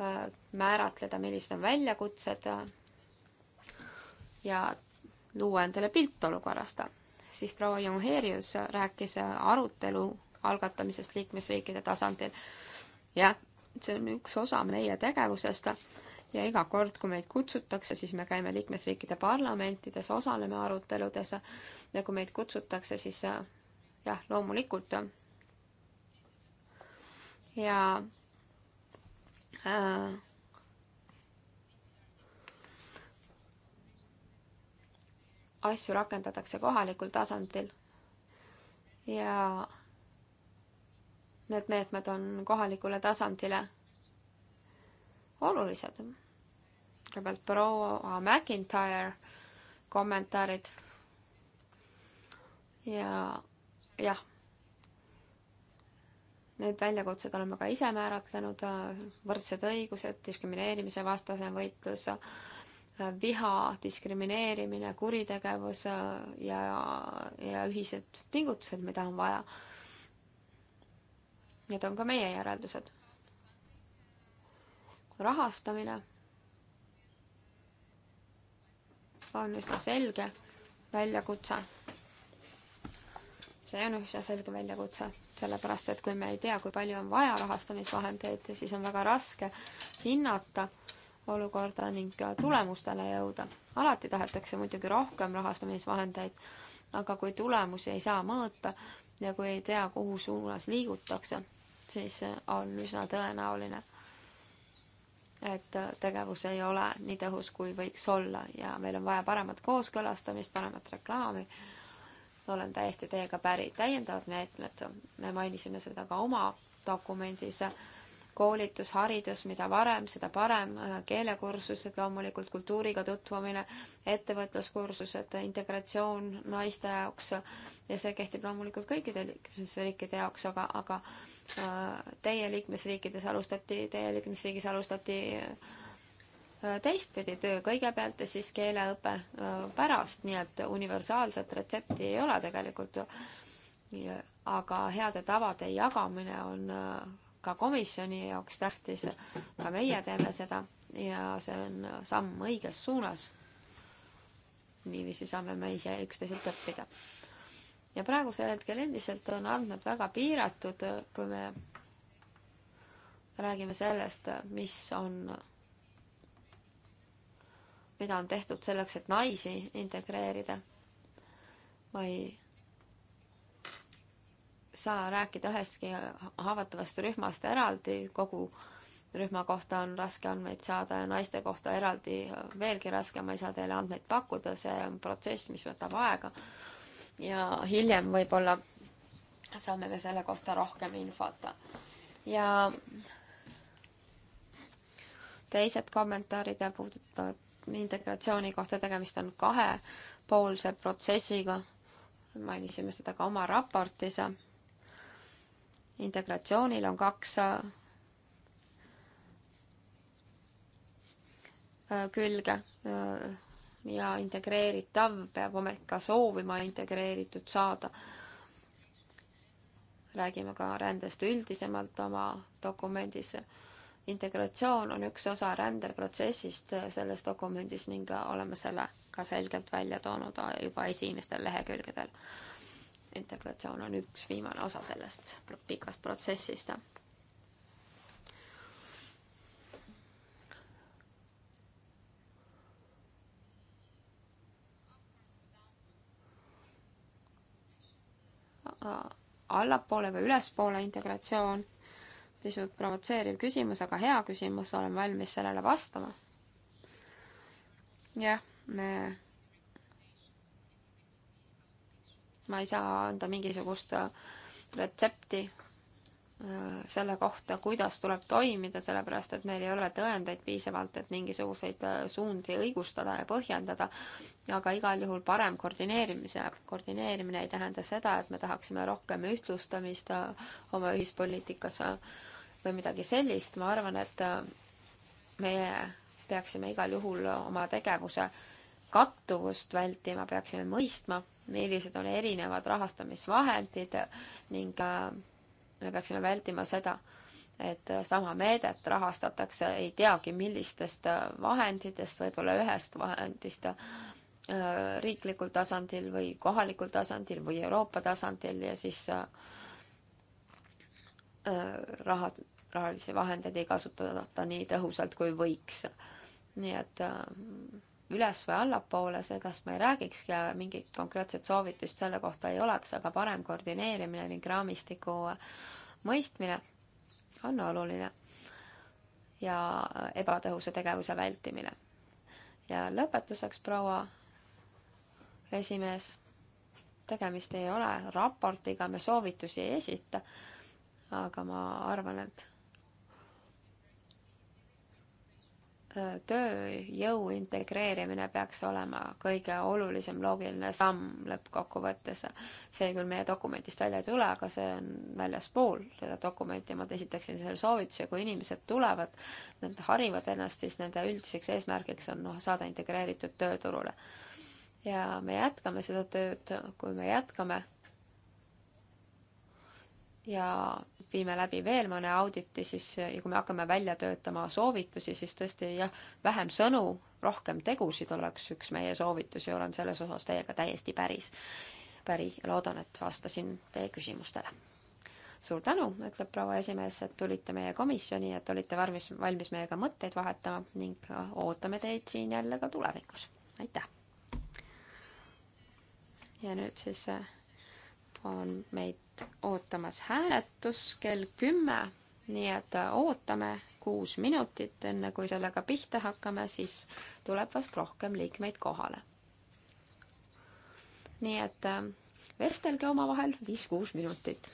Äh, määratleda, millised on väljakutsed äh, ja luua endale pilt olukorrast. siis proua Jungheerius rääkis arutelu algatamisest liikmesriikide tasandil. jah, see on üks osa meie tegevusest ja iga kord, kui meid kutsutakse, siis me käime liikmesriikide parlamentides, osaleme aruteludes ja kui meid kutsutakse, siis äh, jah, loomulikult. ja Äh, asju rakendatakse kohalikul tasandil ja need meetmed on kohalikule tasandile olulised. kõigepealt proua McIntyre kommentaarid ja jah Need väljakutsed oleme ka ise määratlenud, võrdsed õigused, diskrimineerimise vastase võitlus, viha, diskrimineerimine, kuritegevus ja, ja ühised pingutused, mida on vaja. Need on ka meie järeldused. rahastamine on üsna selge väljakutse. see on üsna selge väljakutse sellepärast et kui me ei tea, kui palju on vaja rahastamisvahendeid, siis on väga raske hinnata olukorda ning tulemustele jõuda. alati tahetakse muidugi rohkem rahastamisvahendeid, aga kui tulemusi ei saa mõõta ja kui ei tea, kuhu suunas liigutakse, siis on üsna tõenäoline, et tegevus ei ole nii tõhus, kui võiks olla ja meil on vaja paremat kooskõlastamist, paremat reklaami olen täiesti teiega päri. täiendavad meetmed, me mainisime seda ka oma dokumendis, koolitus, haridus, mida varem, seda parem, keelekursused loomulikult, kultuuriga tutvumine, ettevõtluskursused, integratsioon naiste jaoks ja see kehtib loomulikult kõikide liikmesriikide jaoks, aga, aga äh, teie liikmesriikides alustati, teie liikmesriigis alustati äh, Äh, teistpidi töö kõigepealt ja siis keeleõpe äh, pärast, nii et universaalset retsepti ei ole tegelikult ju. aga heade tavade jagamine on äh, ka komisjoni jaoks tähtis, ka meie teeme seda ja see on samm õiges suunas. niiviisi saame me ise üksteiselt õppida. ja praegusel hetkel endiselt on andmed väga piiratud, kui me räägime sellest, mis on mida on tehtud selleks, et naisi integreerida. ma ei saa rääkida ühestki haavatavast rühmast eraldi, kogu rühma kohta on raske andmeid saada ja naiste kohta eraldi veelgi raskem, ma ei saa teile andmeid pakkuda, see on protsess, mis võtab aega. ja hiljem võib-olla saame me selle kohta rohkem infot. ja teised kommentaarid puudutavad integratsiooni kohta, tegemist on kahepoolse protsessiga, mainisime seda ka oma raportis. integratsioonil on kaks äh, külge äh, ja integreeritav peab ometi ka soovima integreeritud saada. räägime ka rändest üldisemalt oma dokumendis integratsioon on üks osa rändeprotsessist äh, selles dokumendis ning äh, oleme selle ka selgelt välja toonud äh, juba esimestel lehekülgedel. integratsioon on üks viimane osa sellest pikast protsessist. allapoole või ülespoole integratsioon pisut provotseeriv küsimus, aga hea küsimus, olen valmis sellele vastama. jah, me ma ei saa anda mingisugust äh, retsepti äh, selle kohta, kuidas tuleb toimida, sellepärast et meil ei ole tõendeid piisavalt, et mingisuguseid äh, suundi õigustada ja põhjendada, aga igal juhul parem koordineerimise, koordineerimine ei tähenda seda, et me tahaksime rohkem ühtlustamist oma ühispoliitikas või midagi sellist, ma arvan, et äh, meie peaksime igal juhul oma tegevuse kattuvust vältima, peaksime mõistma, millised on erinevad rahastamisvahendid ning äh, me peaksime vältima seda, et sama meedet rahastatakse ei teagi millistest äh, vahenditest, võib-olla ühest vahendist riiklikul tasandil või kohalikul tasandil või Euroopa tasandil ja siis raha rahalisi vahendeid ei kasutata nii tõhusalt, kui võiks. nii et äh, üles või allapoole, sellest ma ei räägikski ja mingit konkreetset soovitust selle kohta ei oleks, aga parem koordineerimine ning raamistiku äh, mõistmine on oluline. ja äh, ebatõhusa tegevuse vältimine. ja lõpetuseks, proua esimees, tegemist ei ole raportiga, me soovitusi ei esita, aga ma arvan, et tööjõu integreerimine peaks olema kõige olulisem loogiline samm lõppkokkuvõttes. see küll meie dokumendist välja ei tule, aga see on väljaspool seda dokumenti ja ma esitaksin selle soovituse, kui inimesed tulevad, nad harivad ennast, siis nende üldiseks eesmärgiks on noh, saada integreeritud tööturule. ja me jätkame seda tööd, kui me jätkame ja viime läbi veel mõne auditi, siis ja kui me hakkame välja töötama soovitusi, siis tõesti jah, vähem sõnu, rohkem tegusid oleks üks meie soovitusi, olen selles osas teiega täiesti päris, päri ja loodan, et vastasin teie küsimustele. suur tänu, ütleb proua esimees, et tulite meie komisjoni, et olite valmis, valmis meiega mõtteid vahetama ning ootame teid siin jälle ka tulevikus. aitäh! ja nüüd siis äh, on meid ootamas hääletus kell kümme, nii et äh, ootame kuus minutit, enne kui sellega pihta hakkame, siis tuleb vast rohkem liikmeid kohale. nii et äh, vestelge omavahel viis-kuus minutit.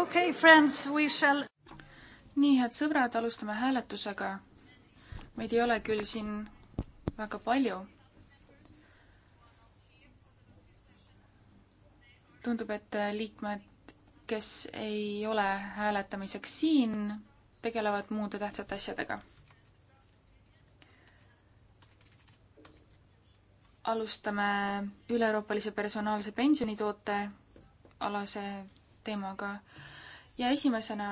okei okay,, friends, we shall. nii, head sõbrad, alustame hääletusega. meid ei ole küll siin väga palju. tundub, et liikmed, kes ei ole hääletamiseks siin, tegelevad muude tähtsate asjadega. alustame üle-euroopalise personaalse pensionitoote alase teemaga. ja esimesena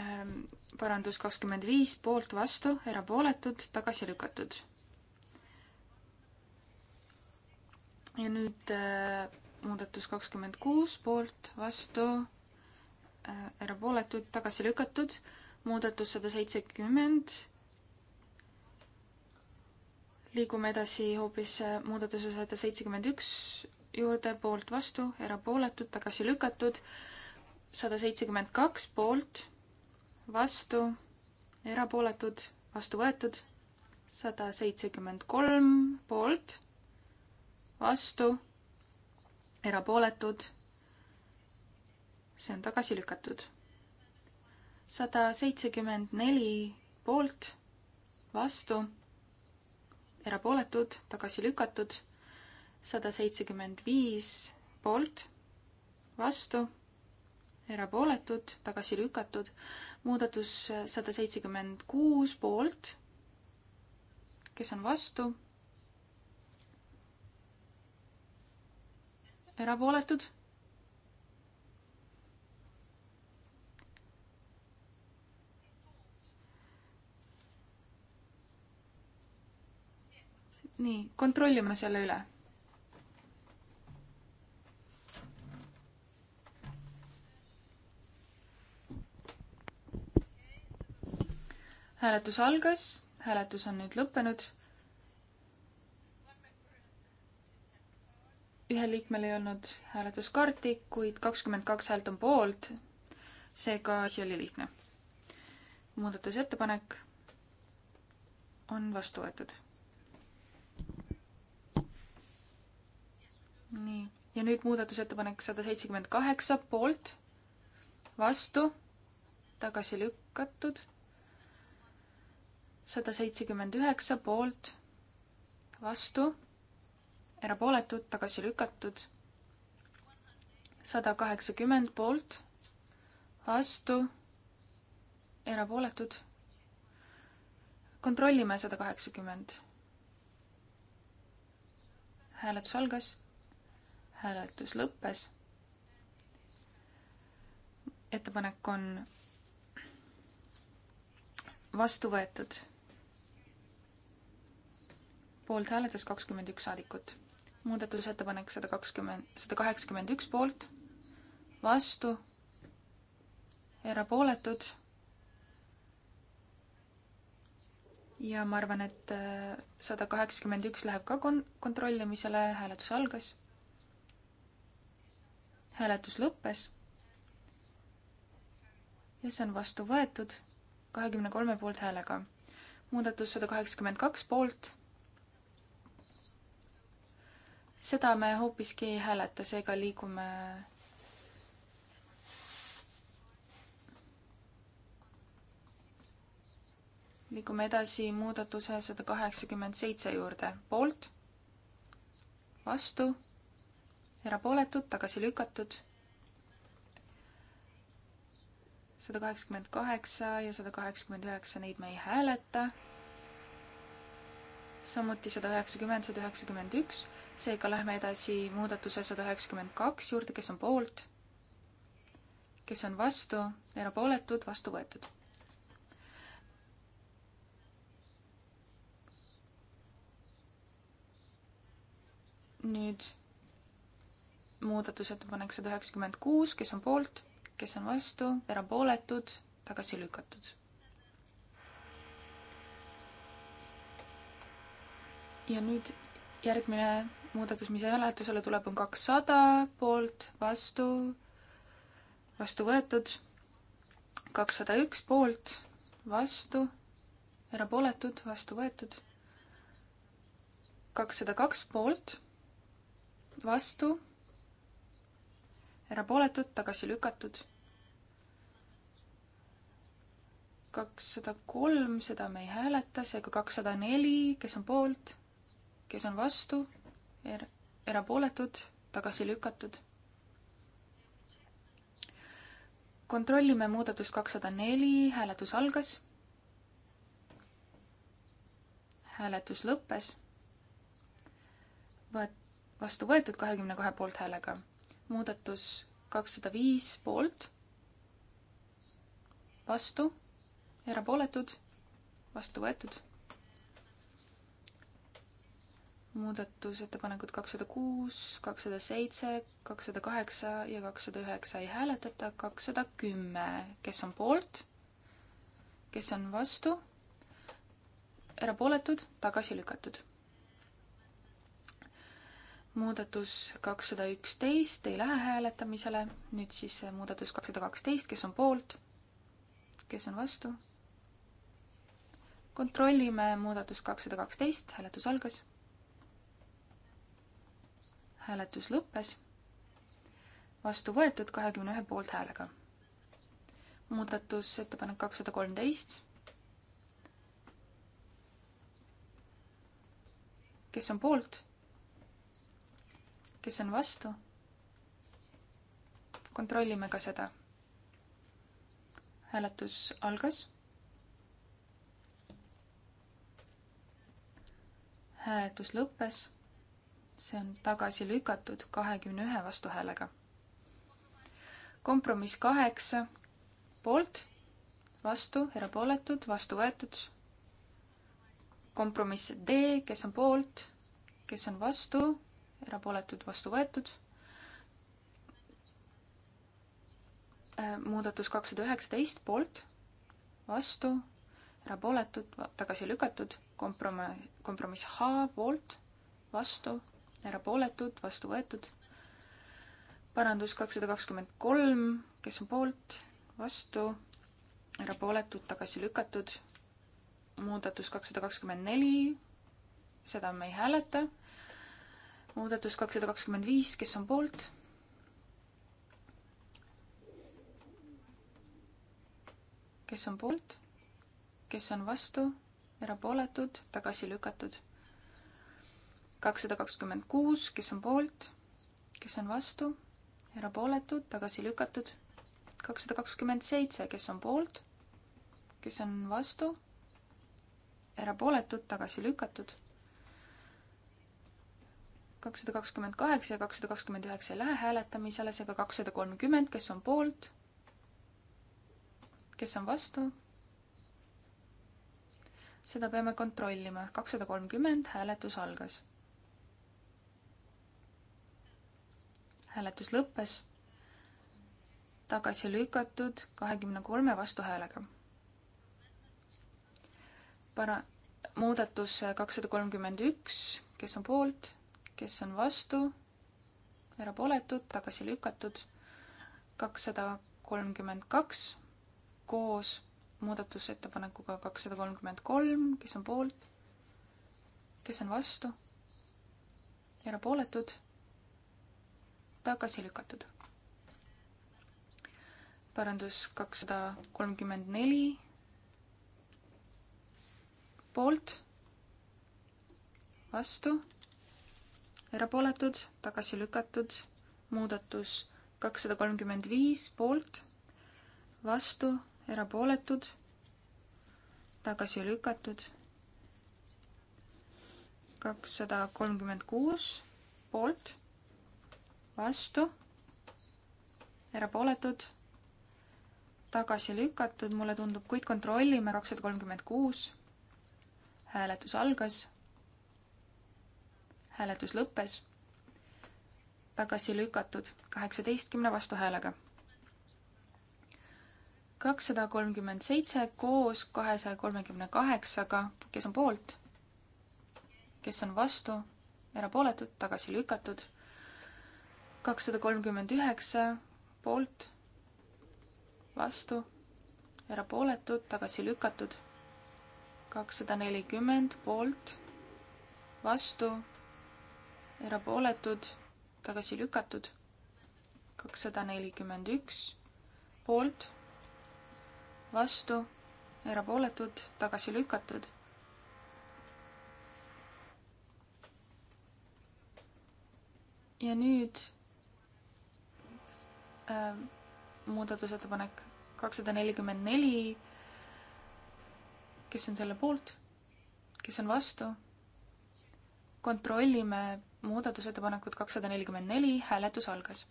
ähm, parandus kakskümmend viis, poolt, vastu, erapooletud, tagasi lükatud. ja nüüd äh, muudatus kakskümmend kuus, poolt, vastu äh,, erapooletud, tagasi lükatud, muudatus sada seitsekümmend liigume edasi hoopis äh, muudatuse sada seitsekümmend üks juurde, poolt vastu, erapooletud, tagasi lükatud, sada seitsekümmend kaks poolt, vastu, erapooletud, vastu võetud, sada seitsekümmend kolm poolt, vastu, erapooletud, see on tagasi lükatud. sada seitsekümmend neli poolt, vastu, erapooletud, tagasi lükatud, sada seitsekümmend viis poolt, vastu erapooletud, tagasi lükatud. muudatus sada seitsekümmend kuus poolt, kes on vastu? erapooletud nii, kontrollime selle üle. hääletus algas, hääletus on nüüd lõppenud. ühel liikmel ei olnud hääletuskaarti, kuid kakskümmend kaks häält on poolt. seega asi oli lihtne. muudatusettepanek on vastu võetud. nii, ja nüüd muudatusettepanek sada seitsekümmend kaheksa poolt, vastu, tagasi lükatud sada seitsekümmend üheksa poolt, vastu, erapooletud, tagasi lükatud. sada kaheksakümmend poolt, vastu, erapooletud. kontrollime sada kaheksakümmend. hääletus algas, hääletus lõppes. ettepanek on vastu võetud poolt hääletas kakskümmend üks saadikut. muudatusettepanek sada kakskümmend, sada kaheksakümmend üks poolt, vastu, erapooletud. ja ma arvan, et äh, sada kaheksakümmend üks läheb ka kon-, kontrollimisele, hääletus algas. hääletus lõppes. ja see on vastu võetud kahekümne kolme poolthäälega. muudatus sada kaheksakümmend kaks poolt seda me hoopiski ei hääleta, seega liigume liigume edasi muudatuse sada kaheksakümmend seitse juurde. poolt, vastu, erapooletud, tagasi lükatud. sada kaheksakümmend kaheksa ja sada kaheksakümmend üheksa, neid me ei hääleta samuti sada üheksakümmend, sada üheksakümmend üks, seega lähme edasi muudatuse sada üheksakümmend kaks juurde, kes on poolt, kes on vastu, erapooletud, vastu võetud nüüd muudatusettepanek sada üheksakümmend kuus, kes on poolt, kes on vastu, erapooletud, tagasi lükatud. ja nüüd järgmine muudatus, mis hääletusele tuleb, on kakssada poolt, vastu, vastu võetud, kakssada üks poolt, vastu, erapooletud, vastu võetud, kakssada kaks poolt, vastu, erapooletud, tagasi lükatud, kakssada kolm, seda me ei hääleta, seega kakssada neli, kes on poolt kes on vastu er,, erapooletud, tagasi lükatud. kontrollime muudatust kakssada neli, hääletus algas. hääletus lõppes. Võet-, vastu võetud kahekümne kahe poolthäälega. muudatus kakssada viis poolt, vastu, erapooletud, vastu võetud muudatusettepanekud kakssada kuus, kakssada seitse, kakssada kaheksa ja kakssada üheksa ei hääletata, kakssada kümme, kes on poolt, kes on vastu, erapooletud, tagasi lükatud. muudatus kakssada üksteist ei lähe hääletamisele, nüüd siis muudatus kakssada kaksteist, kes on poolt, kes on vastu, kontrollime muudatust kakssada kaksteist, hääletus algas hääletus lõppes. vastu võetud kahekümne ühe poolthäälega. muudatusettepanek kakssada kolmteist. kes on poolt? kes on vastu? kontrollime ka seda. hääletus algas. hääletus lõppes see on tagasi lükatud kahekümne ühe vastuhäälega. kompromiss kaheksa poolt, vastu, erapooletud, vastu võetud. kompromiss D, kes on poolt, kes on vastu, erapooletud, vastu võetud. Äh, muudatus kakssada üheksateist poolt, vastu, erapooletud, tagasi lükatud, kompromiss, kompromiss H poolt, vastu erapooletud, vastu võetud. parandus kakssada kakskümmend kolm, kes on poolt, vastu, erapooletud, tagasi lükatud. muudatus kakssada kakskümmend neli, seda me ei hääleta. muudatus kakssada kakskümmend viis, kes on poolt kes on poolt, kes on vastu, erapooletud, tagasi lükatud kakssada kakskümmend kuus, kes on poolt, kes on vastu, erapooletud, tagasi lükatud. kakssada kakskümmend seitse, kes on poolt, kes on vastu, erapooletud, tagasi lükatud kakssada kakskümmend kaheksa ja kakssada kakskümmend üheksa ei lähe hääletamisele, seega kakssada kolmkümmend, kes on poolt, kes on vastu. seda peame kontrollima, kakssada kolmkümmend, hääletus algas hääletus lõppes. tagasi lükatud kahekümne kolme vastuhäälega. para-, muudatus kakssada kolmkümmend üks, kes on poolt, kes on vastu, erapooletud, tagasi lükatud, kakssada kolmkümmend kaks koos muudatusettepanekuga kakssada kolmkümmend kolm, kes on poolt, kes on vastu, erapooletud tagasi lükatud. parandus kakssada kolmkümmend neli poolt, vastu, erapooletud, tagasi lükatud, muudatus kakssada kolmkümmend viis poolt, vastu, erapooletud, tagasi lükatud kakssada kolmkümmend kuus poolt, vastu, erapooletud, tagasi lükatud, mulle tundub, kuid kontrollime, kakssada kolmkümmend kuus. hääletus algas. hääletus lõppes. tagasi lükatud kaheksateistkümne vastuhäälega kakssada kolmkümmend seitse koos kahesaja kolmekümne kaheksaga, kes on poolt, kes on vastu, erapooletud, tagasi lükatud kakssada kolmkümmend üheksa poolt, vastu, erapooletud, tagasi lükatud. kakssada nelikümmend poolt, vastu, erapooletud, tagasi lükatud. kakssada nelikümmend üks poolt, vastu, erapooletud, tagasi lükatud ja nüüd Ähm, muudatusettepanek kakssada nelikümmend neli. kes on selle poolt? kes on vastu? kontrollime muudatusettepanekut kakssada nelikümmend neli, hääletus algas.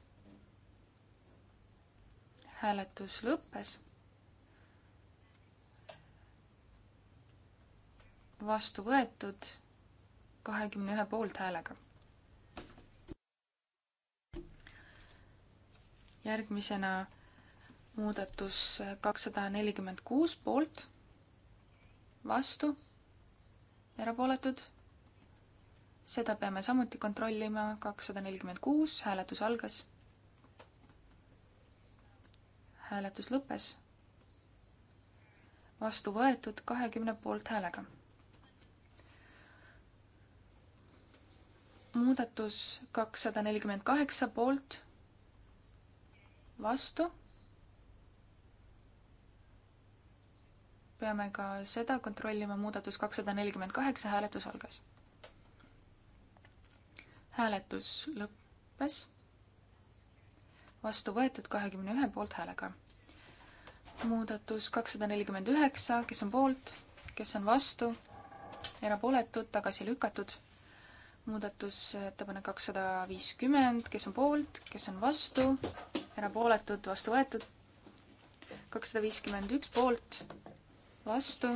hääletus lõppes. vastu võetud kahekümne ühe poolthäälega järgmisena muudatus kakssada nelikümmend kuus poolt, vastu, erapooletud. seda peame samuti kontrollima, kakssada nelikümmend kuus, hääletus algas. hääletus lõppes. vastu võetud kahekümne poolthäälega muudatus kakssada nelikümmend kaheksa poolt, vastu. peame ka seda kontrollima, muudatus kakssada nelikümmend kaheksa, hääletus algas. hääletus lõppes. vastu võetud kahekümne ühe poolthäälega. muudatus kakssada nelikümmend üheksa, kes on poolt, kes on vastu, erapooletud, tagasi lükatud muudatusettepanek kakssada viiskümmend, kes on poolt, kes on vastu, erapooletud, vastu võetud. kakssada viiskümmend üks poolt, vastu.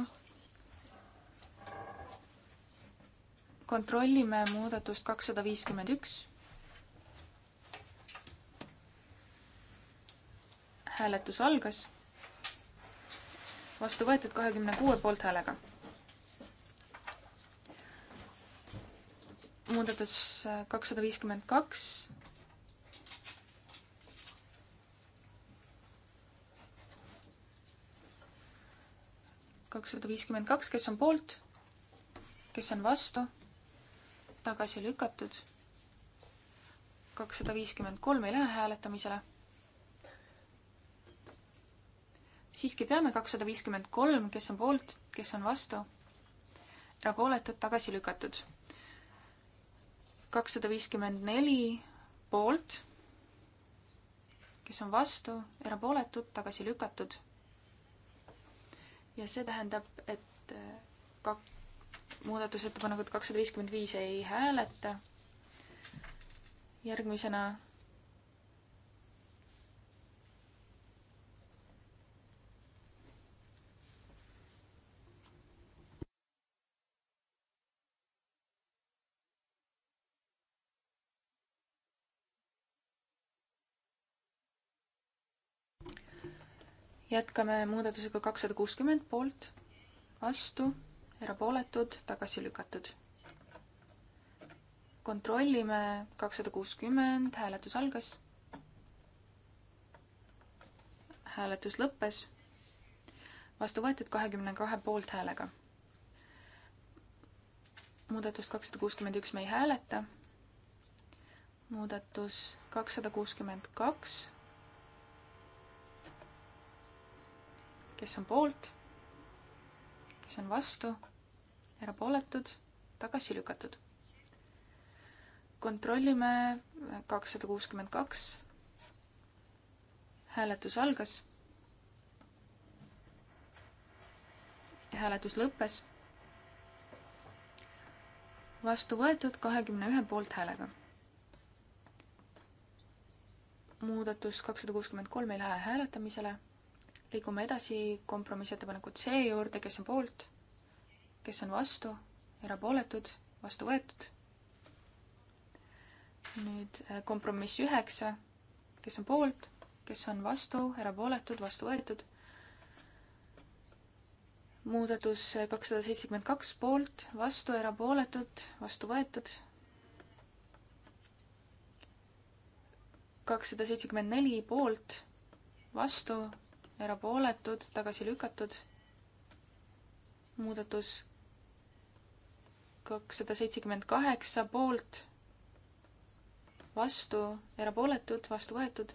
kontrollime muudatust kakssada viiskümmend üks. hääletus algas. vastu võetud kahekümne kuue poolthäälega muudatus kakssada viiskümmend kaks. kakssada viiskümmend kaks, kes on poolt, kes on vastu, tagasi lükatud. kakssada viiskümmend kolm ei lähe hääletamisele. siiski peame kakssada viiskümmend kolm, kes on poolt, kes on vastu, erapooletud, tagasi lükatud kakssada viiskümmend neli poolt, kes on vastu, erapooletud, tagasi lükatud. ja see tähendab, et äh, kak-, muudatusettepanekut kakssada viiskümmend viis ei hääleta. järgmisena jätkame muudatusega kakssada kuuskümmend poolt, vastu, erapooletud, tagasi lükatud. kontrollime kakssada kuuskümmend, hääletus algas. hääletus lõppes. vastu võetud kahekümne kahe poolthäälega muudatust kakssada kuuskümmend üks me ei hääleta. muudatus kakssada kuuskümmend kaks kes on poolt, kes on vastu, erapooletud, tagasi lükatud. kontrollime kakssada kuuskümmend kaks. hääletus algas. hääletus lõppes. vastu võetud kahekümne ühe poolthäälega muudatus kakssada kuuskümmend kolm ei lähe hääletamisele liigume edasi kompromissettepaneku C juurde, kes on poolt, kes on vastu, erapooletud, vastu võetud. nüüd äh, kompromiss üheksa, kes on poolt, kes on vastu, erapooletud, vastu võetud. muudatus kakssada seitsekümmend kaks poolt, vastu, erapooletud, vastu võetud. kakssada seitsekümmend neli poolt, vastu erapooletud, tagasi lükatud. muudatus kakssada seitsekümmend kaheksa poolt, vastu, erapooletud, vastu võetud.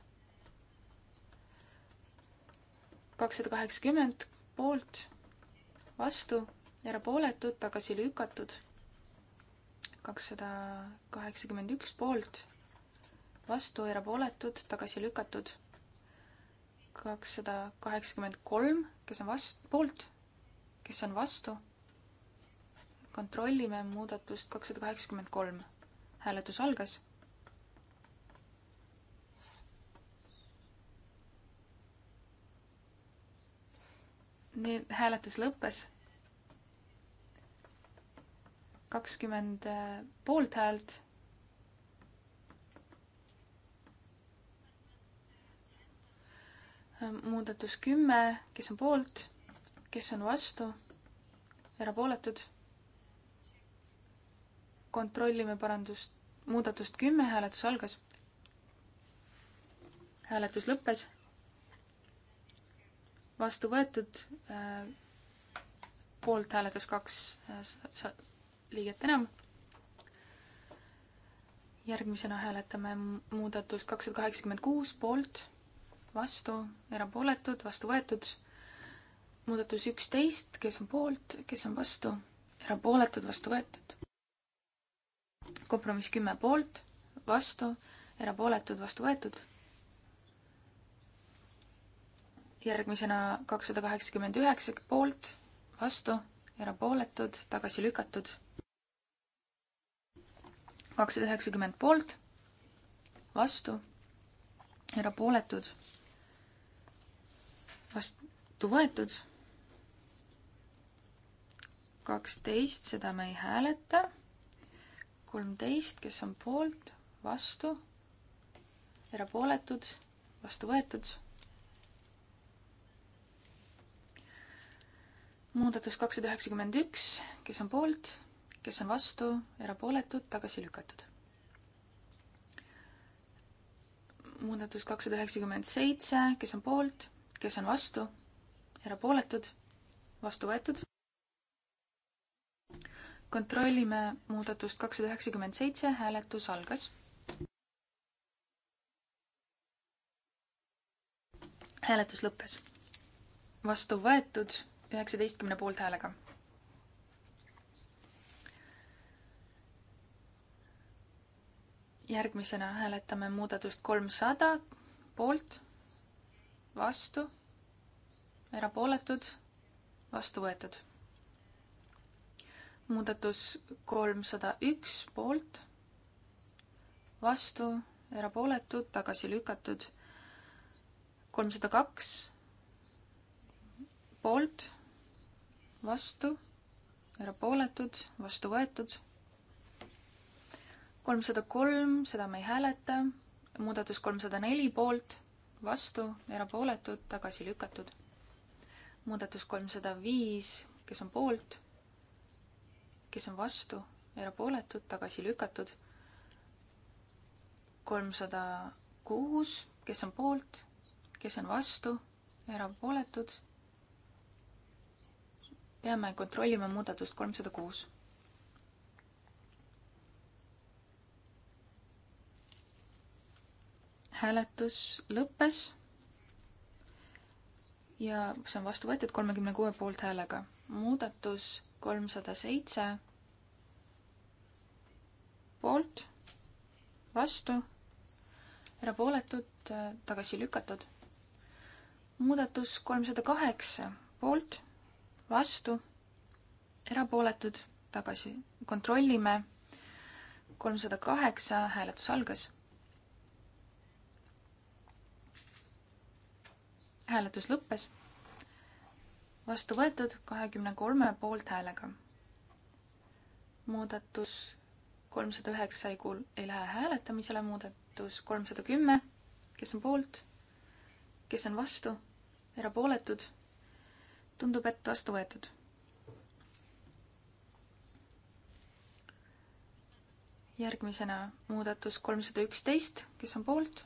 kakssada kaheksakümmend poolt, vastu, erapooletud, tagasi lükatud. kakssada kaheksakümmend üks poolt, vastu, erapooletud, tagasi lükatud kakssada kaheksakümmend kolm, kes on vast-, poolt, kes on vastu. kontrollime muudatust kakssada kaheksakümmend kolm. hääletus algas. nii, hääletus lõppes. kakskümmend äh, poolthäält muudatus kümme, kes on poolt, kes on vastu, erapooletud. kontrollime parandust, muudatust kümme, hääletus algas. hääletus lõppes. vastu võetud äh,. poolt hääletas kaks äh, liiget enam järgmisena hääletame muudatust kakssada kaheksakümmend kuus poolt vastu, erapooletud, vastu võetud. muudatus üksteist, kes on poolt, kes on vastu, erapooletud, vastu võetud. kompromiss kümme poolt, vastu, erapooletud, vastu võetud. järgmisena kakssada kaheksakümmend üheksa poolt, vastu, erapooletud, tagasi lükatud. kakssada üheksakümmend poolt, vastu erapooletud, vastu võetud. kaksteist, seda me ei hääleta. kolmteist, kes on poolt, vastu, erapooletud, vastu võetud. muudatus kakssada üheksakümmend üks, kes on poolt, kes on vastu, erapooletud, tagasi lükatud muudatus kakssada üheksakümmend seitse, kes on poolt, kes on vastu, erapooletud, vastu võetud. kontrollime muudatust kakssada üheksakümmend seitse, hääletus algas. hääletus lõppes. vastu võetud üheksateistkümne poolthäälega järgmisena hääletame muudatust kolmsada poolt, vastu, erapooletud, vastu võetud. muudatus kolmsada üks poolt, vastu, erapooletud, tagasi lükatud. kolmsada kaks poolt, vastu, erapooletud, vastu võetud. kolmsada kolm, seda me ei hääleta. muudatus kolmsada neli poolt vastu, erapooletud, tagasi lükatud. muudatus kolmsada viis, kes on poolt, kes on vastu, erapooletud, tagasi lükatud. kolmsada kuus, kes on poolt, kes on vastu, erapooletud. peame kontrollima muudatust kolmsada kuus hääletus lõppes ja see on vastu võetud kolmekümne kuue poolthäälega. muudatus kolmsada seitse poolt, vastu, erapooletud, tagasi lükatud. muudatus kolmsada kaheksa poolt, vastu, erapooletud, tagasi. kontrollime. kolmsada kaheksa, hääletus algas hääletus lõppes. vastu võetud kahekümne kolme poolthäälega. muudatus kolmsada üheksa ei kuul-, ei lähe hääletamisele, muudatus kolmsada kümme, kes on poolt, kes on vastu, erapooletud, tundub, et vastu võetud. järgmisena muudatus kolmsada üksteist, kes on poolt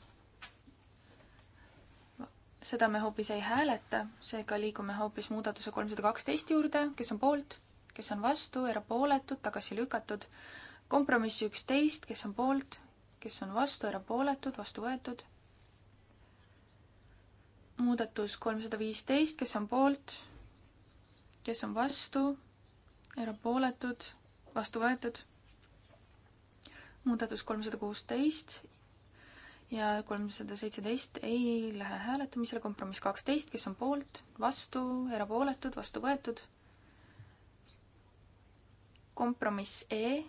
seda me hoopis ei hääleta, seega liigume hoopis muudatuse kolmsada kaksteist juurde, kes on poolt, kes on vastu, erapooletud, tagasi lükatud. kompromiss üksteist, kes on poolt, kes on vastu, erapooletud, vastu võetud. muudatus kolmsada viisteist, kes on poolt, kes on vastu, erapooletud, vastu võetud. muudatus kolmsada kuusteist ja kolmsada seitseteist ei lähe hääletamisele, kompromiss kaksteist, kes on poolt, vastu, erapooletud, vastu võetud. kompromiss E,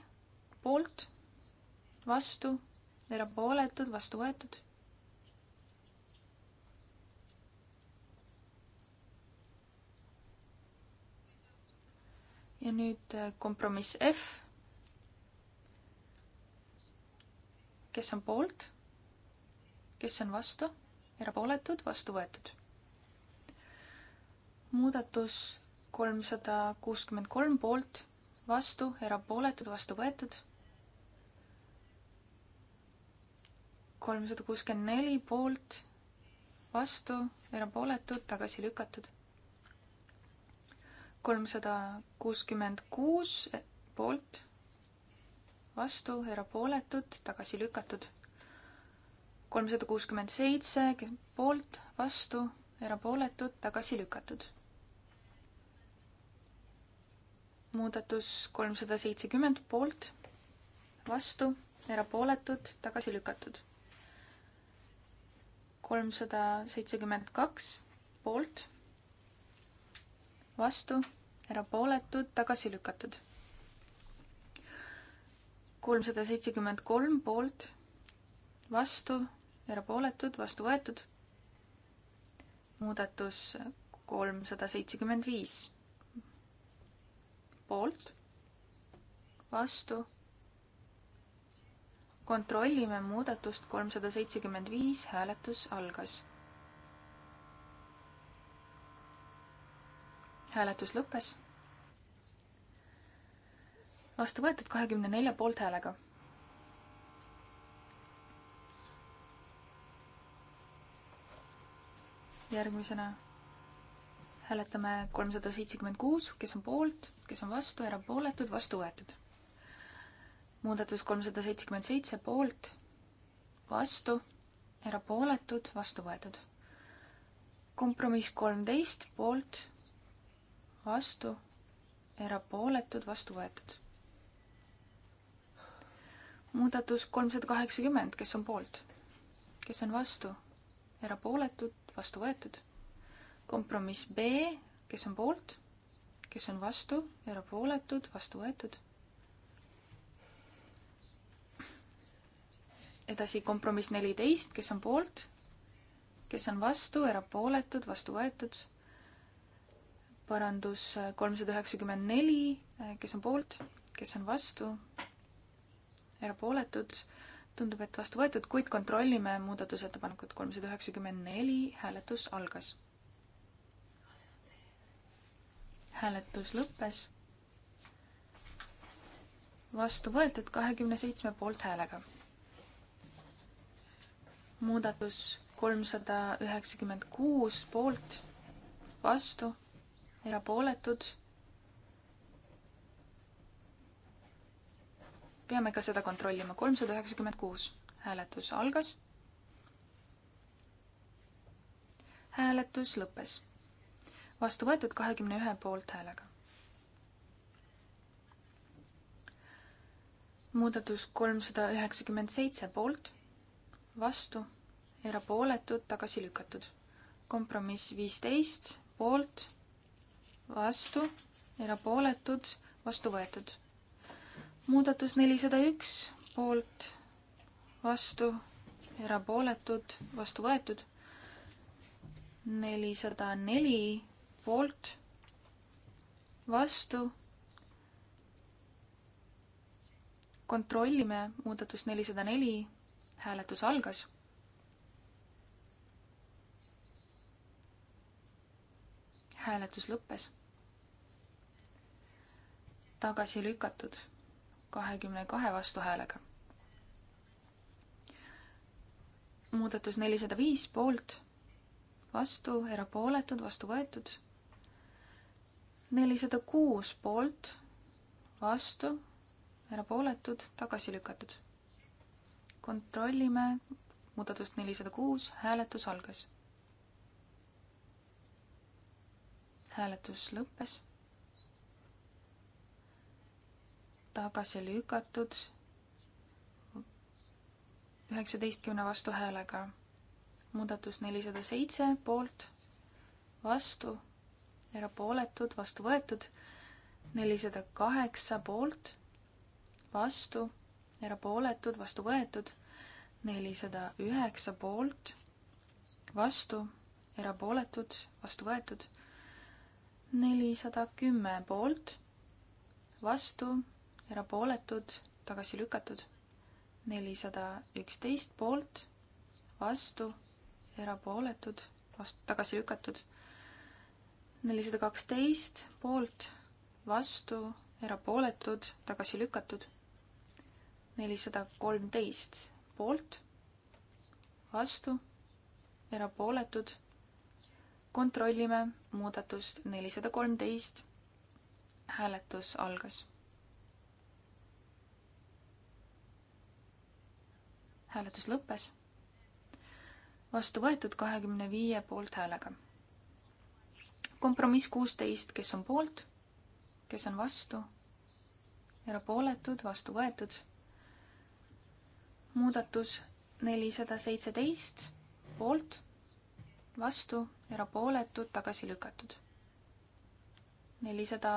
poolt, vastu, erapooletud, vastu võetud. ja nüüd äh, kompromiss F. kes on poolt kes on vastu, erapooletud, vastu võetud. muudatus kolmsada kuuskümmend kolm poolt, vastu, erapooletud, vastu võetud. kolmsada kuuskümmend neli poolt, vastu, erapooletud, tagasi lükatud. kolmsada kuuskümmend kuus poolt, vastu, erapooletud, tagasi lükatud kolmsada kuuskümmend seitse, kes poolt, vastu, erapooletud, tagasi lükatud. muudatus kolmsada seitsekümmend poolt, vastu, erapooletud, tagasi lükatud. kolmsada seitsekümmend kaks poolt, vastu, erapooletud, tagasi lükatud. kolmsada seitsekümmend kolm poolt, vastu erapooletud, vastu võetud. muudatus kolmsada seitsekümmend viis poolt, vastu. kontrollime muudatust kolmsada seitsekümmend viis, hääletus algas. hääletus lõppes. vastu võetud kahekümne nelja poolthäälega järgmisena hääletame kolmsada seitsekümmend kuus, kes on poolt, kes on vastu, erapooletud, vastu võetud. muudatus kolmsada seitsekümmend seitse poolt, vastu, erapooletud, vastu võetud. kompromiss kolmteist poolt, vastu, erapooletud, vastu võetud. muudatus kolmsada kaheksakümmend, kes on poolt, kes on vastu, erapooletud, vastu võetud. kompromiss B, kes on poolt, kes on vastu, erapooletud, vastu võetud. edasi kompromiss neliteist, kes on poolt, kes on vastu, erapooletud, vastu võetud. parandus kolmsada üheksakümmend neli, kes on poolt, kes on vastu, erapooletud tundub, et vastu võetud, kuid kontrollime muudatusettepanekut kolmsada üheksakümmend neli, hääletus algas. hääletus lõppes. vastu võetud kahekümne seitsme poolthäälega. muudatus kolmsada üheksakümmend kuus poolt, vastu, erapooletud peame ka seda kontrollima. kolmsada üheksakümmend kuus hääletus algas. hääletus lõppes. vastu võetud kahekümne ühe poolthäälega. muudatus kolmsada üheksakümmend seitse poolt, vastu, erapooletud, tagasi lükatud. kompromiss viisteist poolt, vastu, erapooletud, vastu võetud muudatus nelisada üks poolt, vastu, erapooletud, vastu võetud. nelisada neli poolt, vastu. kontrollime muudatust nelisada neli, hääletus algas hääletus lõppes. tagasi lükatud kahekümne kahe vastuhäälega. muudatus nelisada viis poolt, vastu, erapooletud, vastu võetud. nelisada kuus poolt, vastu, erapooletud, tagasi lükatud. kontrollime muudatust nelisada kuus, hääletus algas. hääletus lõppes tagasi lükatud üheksateistkümne vastuhäälega. muudatus nelisada seitse poolt, vastu, erapooletud, vastu võetud, nelisada kaheksa poolt, vastu, erapooletud, vastu võetud, nelisada üheksa poolt, vastu, erapooletud, vastu võetud, nelisada kümme poolt, vastu, erapooletud, tagasi lükatud. nelisada üksteist poolt, vastu, erapooletud, vastu, tagasi lükatud. nelisada kaksteist poolt, vastu, erapooletud, tagasi lükatud. nelisada kolmteist poolt, vastu, erapooletud. kontrollime muudatust nelisada kolmteist. hääletus algas hääletus lõppes. vastu võetud kahekümne viie poolthäälega. kompromiss kuusteist, kes on poolt, kes on vastu, erapooletud, vastu võetud. muudatus nelisada seitseteist, poolt, vastu, erapooletud, tagasi lükatud. nelisada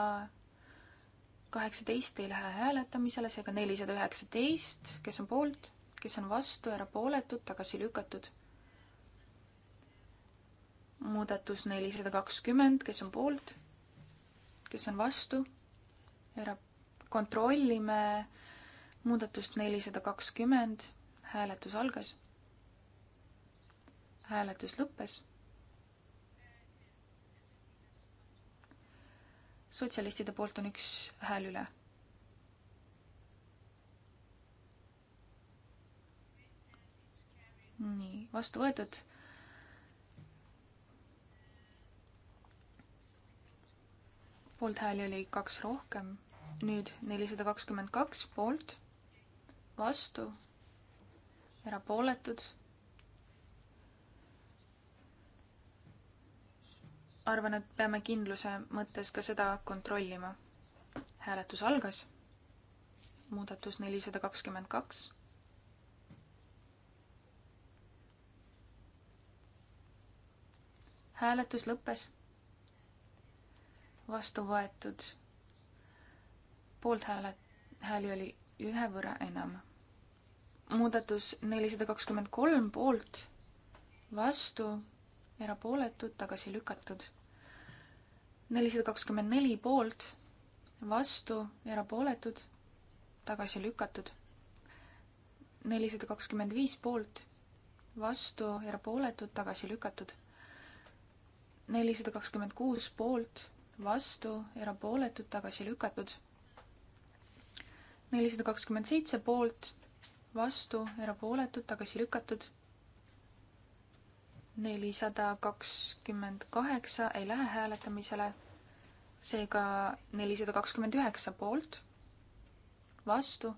kaheksateist ei lähe hääletamisele, seega nelisada üheksateist, kes on poolt kes on vastu, erapooletud, tagasi lükatud. muudatus nelisada kakskümmend, kes on poolt, kes on vastu, era-, kontrollime muudatust nelisada kakskümmend, hääletus algas. hääletus lõppes sotsialistide poolt on üks hääl üle nii, vastu võetud. poolthääli oli kaks rohkem, nüüd nelisada kakskümmend kaks poolt, vastu, erapooletud arvan, et peame kindluse mõttes ka seda kontrollima. hääletus algas. muudatus nelisada kakskümmend kaks. hääletus lõppes. vastu võetud. poolthääle, hääli oli ühe võrra enam. muudatus nelisada kakskümmend kolm poolt, vastu, erapooletud, tagasi lükatud. nelisada kakskümmend neli poolt, vastu, erapooletud, tagasi lükatud. nelisada kakskümmend viis poolt, vastu, erapooletud, tagasi lükatud nelisada kakskümmend kuus poolt, vastu, erapooletud, tagasi lükatud. nelisada kakskümmend seitse poolt, vastu, erapooletud, tagasi lükatud. nelisada kakskümmend kaheksa ei lähe hääletamisele. seega nelisada kakskümmend üheksa poolt, vastu,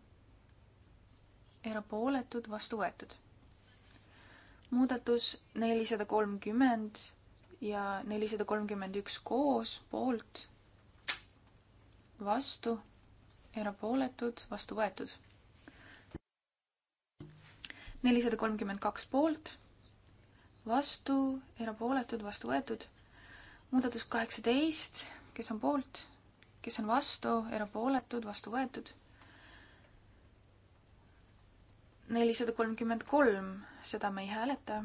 erapooletud, vastu võetud. muudatus nelisada kolmkümmend ja nelisada kolmkümmend üks koos, poolt, vastu, erapooletud, vastu võetud. nelisada kolmkümmend kaks poolt, vastu, erapooletud, vastu võetud. muudatus kaheksateist, kes on poolt, kes on vastu, erapooletud, vastu võetud nelisada kolmkümmend kolm, seda me ei hääleta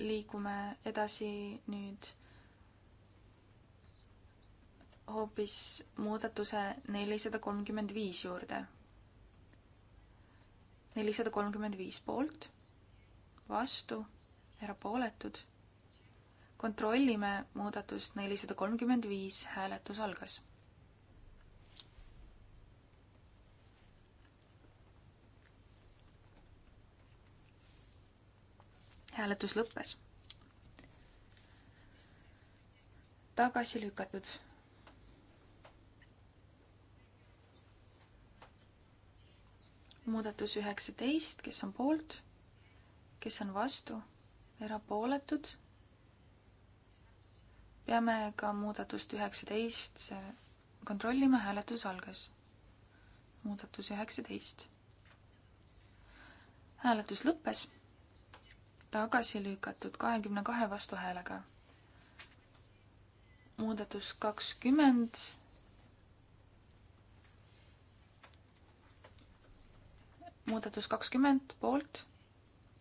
liigume edasi nüüd hoopis muudatuse nelisada kolmkümmend viis juurde. nelisada kolmkümmend viis poolt, vastu, erapooletud. kontrollime muudatust nelisada kolmkümmend viis, hääletus algas hääletus lõppes. tagasi lükatud. muudatus üheksateist, kes on poolt, kes on vastu, erapooletud. peame ka muudatust üheksateist kontrollima, hääletus algas. muudatus üheksateist hääletus lõppes tagasi lükatud kahekümne kahe vastuhäälega. muudatus kakskümmend. muudatus kakskümmend poolt,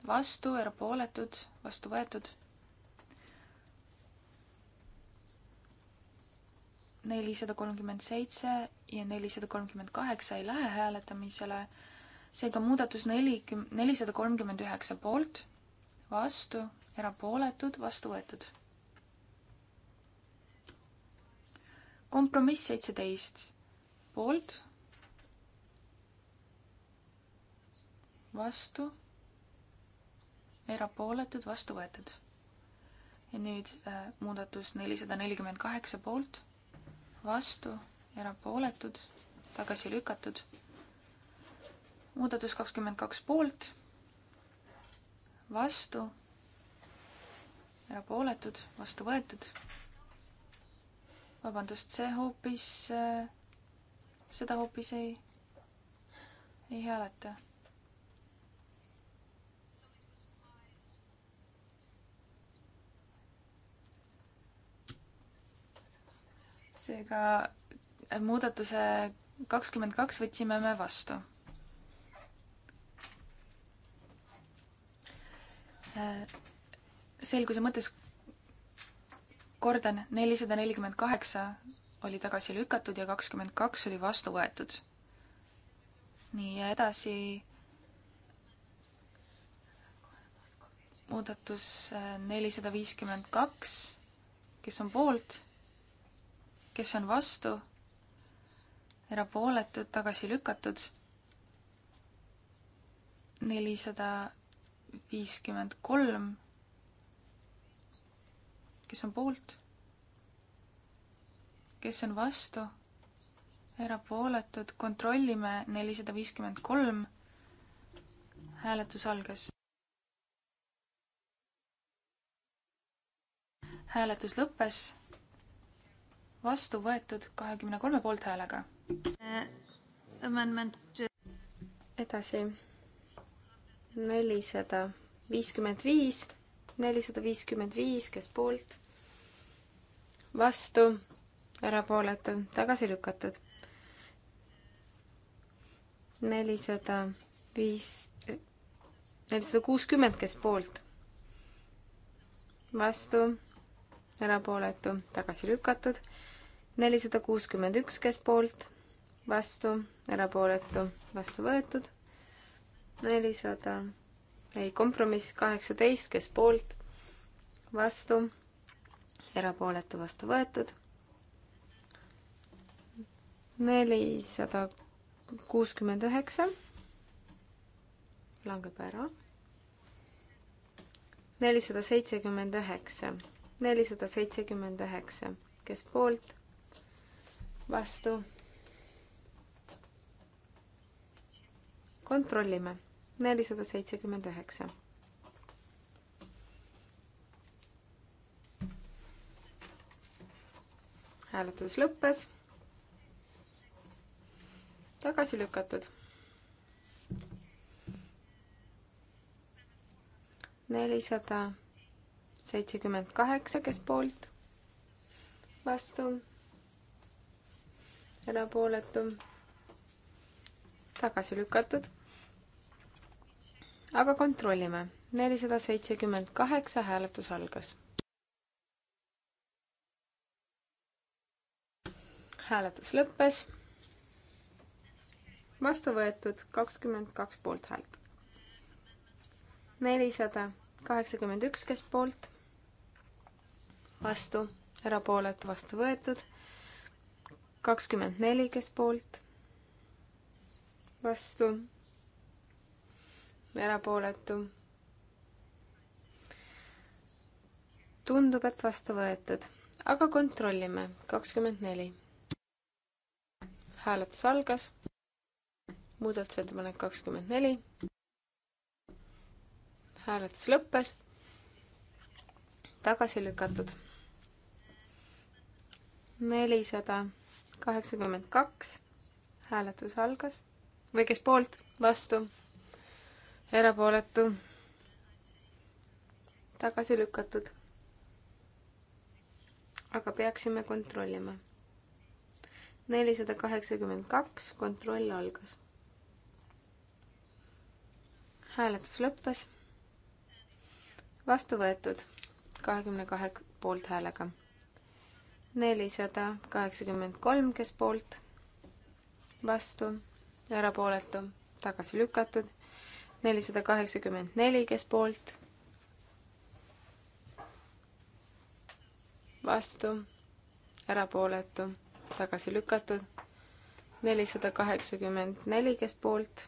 vastu, erapooletud, vastu võetud. nelisada kolmkümmend seitse ja nelisada kolmkümmend kaheksa ei lähe hääletamisele, seega muudatus nelikümmend, nelisada kolmkümmend üheksa poolt vastu, erapooletud, vastu võetud. kompromiss seitseteist, poolt, vastu, erapooletud, vastu võetud. ja nüüd äh, muudatus nelisada nelikümmend kaheksa poolt, vastu, erapooletud, tagasi lükatud. muudatus kakskümmend kaks poolt vastu, erapooletud, vastu võetud. vabandust, see hoopis, äh, seda hoopis ei, ei hääleta. seega muudatuse kakskümmend kaks võtsime me vastu Äh, selguse mõttes kordan, nelisada nelikümmend kaheksa oli tagasi lükatud ja kakskümmend kaks oli vastu võetud. nii, ja edasi muudatus äh, nelisada viiskümmend kaks, kes on poolt, kes on vastu, erapooletud, tagasi lükatud, nelisada viiskümmend kolm, kes on poolt, kes on vastu, erapooletud, kontrollime nelisada viiskümmend kolm, hääletus algas. hääletus lõppes, vastu võetud kahekümne kolme poolthäälega. Amendment edasi nelisada viiskümmend viis, nelisada viiskümmend viis, kes poolt, vastu, erapooletu, tagasi lükatud. nelisada viis, nelisada kuuskümmend, kes poolt, vastu, erapooletu, tagasi lükatud. nelisada kuuskümmend üks, kes poolt, vastu, erapooletu, vastu võetud nelisada, ei, kompromiss kaheksateist, kes poolt, vastu, erapooletu vastu võetud. nelisada kuuskümmend üheksa langeb ära. nelisada seitsekümmend üheksa, nelisada seitsekümmend üheksa, kes poolt, vastu. kontrollime nelisada seitsekümmend üheksa. hääletus lõppes. tagasi lükatud. nelisada seitsekümmend kaheksa, kes poolt, vastu, erapooletu, tagasi lükatud aga kontrollime. nelisada seitsekümmend kaheksa hääletus algas. hääletus lõppes. vastu võetud kakskümmend kaks poolthäält. nelisada kaheksakümmend üks, kes poolt, vastu, erapooletu, vastu võetud, kakskümmend neli, kes poolt, vastu erapooletu. tundub, et vastu võetud, aga kontrollime. kakskümmend neli. hääletus algas. muudatusettepanek kakskümmend neli. hääletus lõppes. tagasi lükatud. nelisada kaheksakümmend kaks. hääletus algas või kes poolt, vastu erapooletu, tagasi lükatud. aga peaksime kontrollima. nelisada kaheksakümmend kaks, kontroll algas. hääletus lõppes. vastu võetud kahekümne kahe poolthäälega. nelisada kaheksakümmend kolm, kes poolt, vastu, erapooletu, tagasi lükatud nelisada kaheksakümmend neli, kes poolt? vastu, erapooletu, tagasi lükatud. nelisada kaheksakümmend neli, kes poolt?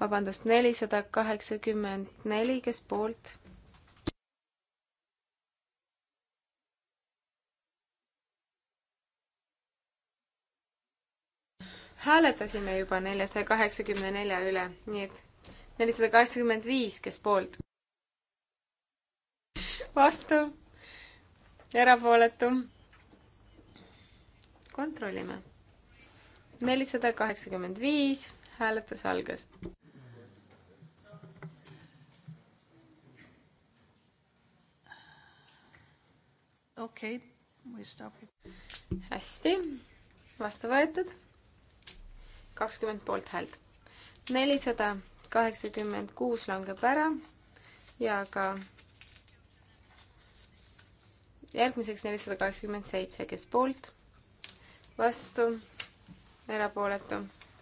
vabandust, nelisada kaheksakümmend neli, kes poolt? hääletasime juba neljasaja kaheksakümne nelja üle, nii et nelisada kaheksakümmend viis, kes poolt? vastu, erapooletu. kontrollime. nelisada kaheksakümmend viis, hääletus algas. okei okay,, we stop it. hästi, vastu võetud kakskümmend poolthäält. nelisada kaheksakümmend kuus langeb ära ja ka järgmiseks nelisada kaheksakümmend seitse, kes poolt, vastu, erapooletu,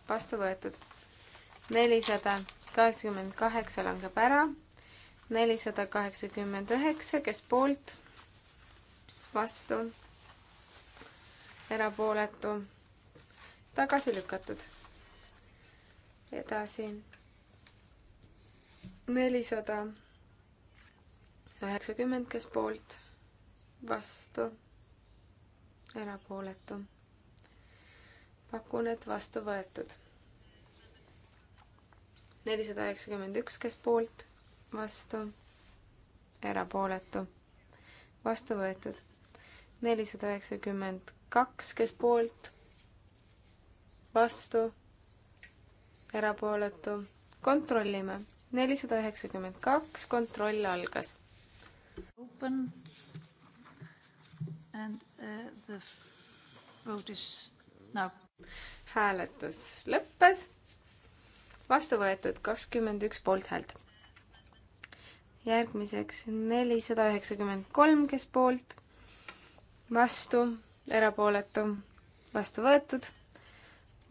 vastu võetud. nelisada kaheksakümmend kaheksa langeb ära, nelisada kaheksakümmend üheksa, kes poolt, vastu, erapooletu, tagasi lükatud edasi. nelisada üheksakümmend, kes poolt, vastu, erapooletu. pakun, et vastu võetud. nelisada üheksakümmend üks, kes poolt, vastu, erapooletu, vastu võetud. nelisada üheksakümmend kaks, kes poolt, vastu erapooletu. kontrollime. nelisada üheksakümmend kaks, kontroll algas. Open and uh, the vote is now. hääletus lõppes. vastu võetud kakskümmend üks poolthäält. järgmiseks nelisada üheksakümmend kolm, kes poolt, vastu, erapooletu, vastu võetud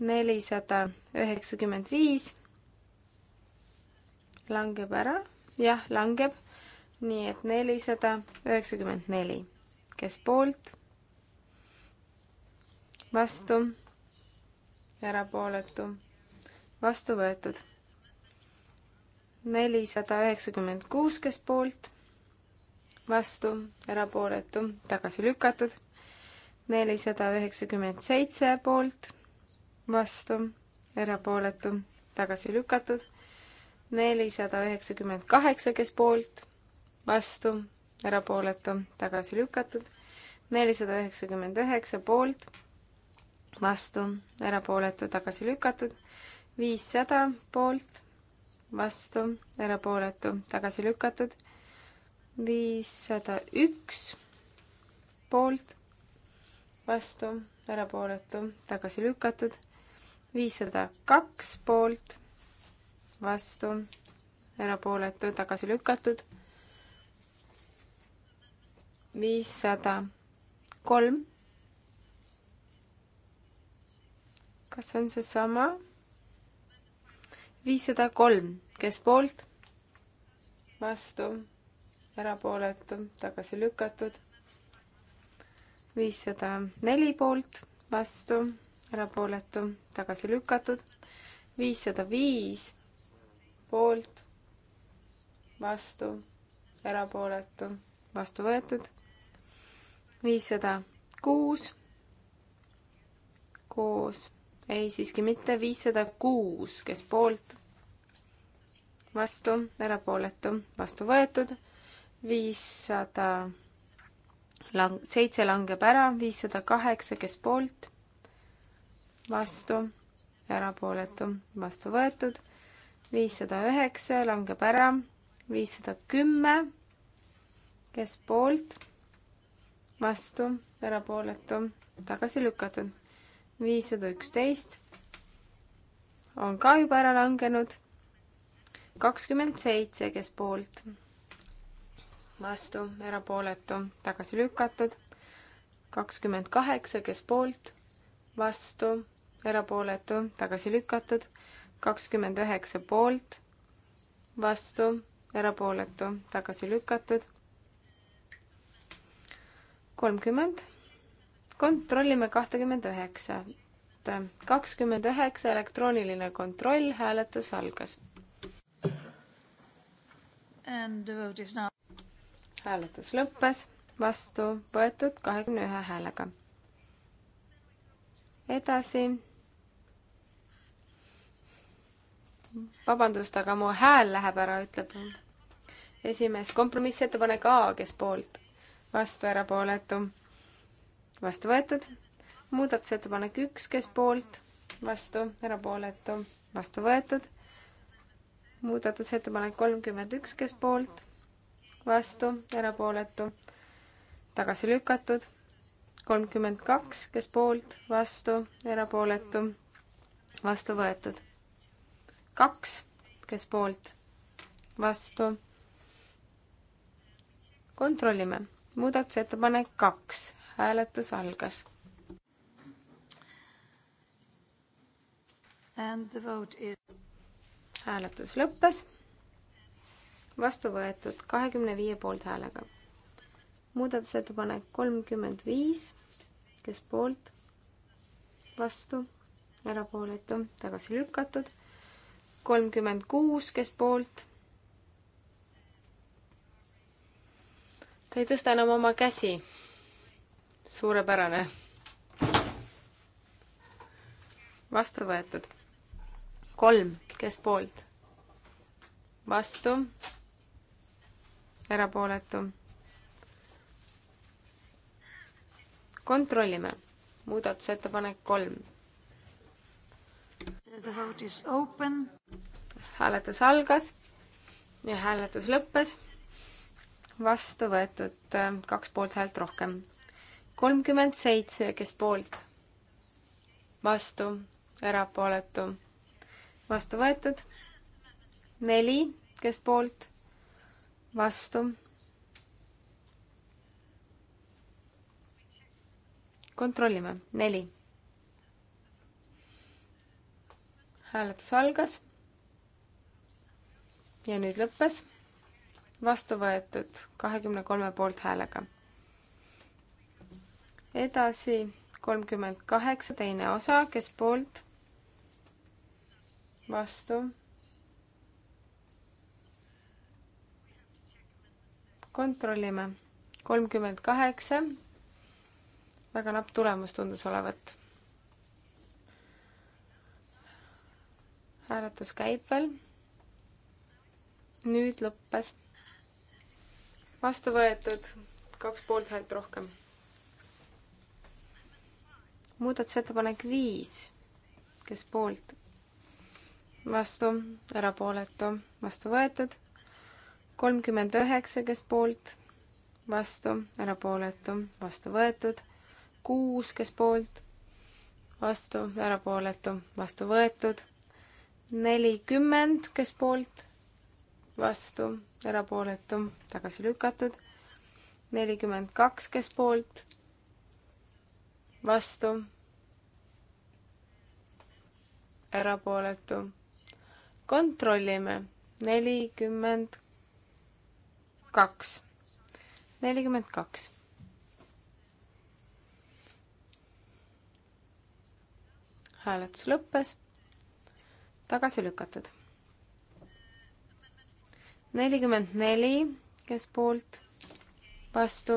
nelisada üheksakümmend viis langeb ära, jah, langeb, nii et nelisada üheksakümmend neli, kes poolt, vastu, erapooletu, vastu võetud. nelisada üheksakümmend kuus, kes poolt, vastu, erapooletu, tagasi lükatud nelisada üheksakümmend seitse poolt, vastu, erapooletu, tagasi lükatud. nelisada üheksakümmend kaheksa, kes poolt, vastu, erapooletu, tagasi lükatud. nelisada üheksakümmend üheksa poolt, vastu, erapooletu, tagasi lükatud. viissada poolt, vastu, erapooletu, tagasi lükatud. viissada üks poolt, vastu, erapooletu, tagasi lükatud viissada kaks poolt, vastu, erapooletu, tagasi lükatud. viissada kolm. kas on seesama? viissada kolm, kes poolt? vastu, erapooletu, tagasi lükatud. viissada neli poolt, vastu erapooletu, tagasi lükatud, viissada viis poolt, vastu, erapooletu, vastu võetud, viissada kuus koos, ei siiski mitte, viissada kuus, kes poolt, vastu, erapooletu, vastu võetud, viissada lang-, seitse langeb ära, viissada kaheksa, kes poolt, vastu, erapooletu, vastu võetud. viissada üheksa langeb ära, viissada kümme, kes poolt, vastu, erapooletu, tagasi lükatud. viissada üksteist on ka juba ära langenud. kakskümmend seitse, kes poolt, vastu, erapooletu, tagasi lükatud kakskümmend kaheksa, kes poolt, vastu, erapooletu, tagasi lükatud, kakskümmend üheksa poolt, vastu, erapooletu, tagasi lükatud, kolmkümmend, kontrollime kahtekümmend üheksa. kakskümmend üheksa elektrooniline kontroll, hääletus algas. hääletus lõppes, vastu võetud kahekümne ühe häälega edasi vabandust, aga mu hääl läheb ära, ütleb esimees. kompromissettepanek A, kes poolt? vastu, erapooletu. vastu võetud. muudatusettepanek üks, kes poolt? vastu, erapooletu. vastu võetud. muudatusettepanek kolmkümmend üks, kes poolt? vastu, erapooletu. tagasi lükatud. kolmkümmend kaks, kes poolt? vastu, erapooletu. vastu võetud kaks, kes poolt, vastu. kontrollime, muudatusettepanek kaks, hääletus algas. Is... hääletus lõppes. vastu võetud kahekümne viie poolthäälega. muudatusettepanek kolmkümmend viis, kes poolt, vastu, erapooletu, tagasi lükatud kolmkümmend kuus, kes poolt? ta ei tõsta enam oma käsi. suurepärane. vastu võetud. kolm, kes poolt? vastu. erapooletu. kontrollime. muudatusettepanek kolm The vote is open. hääletus algas ja hääletus lõppes. vastu võetud äh, kaks poolthäält rohkem. kolmkümmend seitse, kes poolt? vastu, erapooletu. vastu võetud. neli, kes poolt? vastu. kontrollime, neli hääletus algas. ja nüüd lõppes. vastu võetud kahekümne kolme poolthäälega. edasi kolmkümmend kaheksa, teine osa, kes poolt? vastu. kontrollime. kolmkümmend kaheksa. väga napp tulemus tundus olevat hääletus käib veel. nüüd lõppes. vastu võetud kaks poolthäält rohkem. muudatusettepanek viis, kes poolt? vastu, erapooletu, vastu võetud. kolmkümmend üheksa, kes poolt? vastu, erapooletu, vastu võetud. kuus, kes poolt? vastu, erapooletu, vastu võetud nelikümmend, kes poolt, vastu, erapooletu, tagasi lükatud. nelikümmend kaks, kes poolt, vastu, erapooletu. kontrollime, nelikümmend kaks, nelikümmend kaks. hääletus lõppes tagasi lükatud. nelikümmend neli, kes poolt, vastu,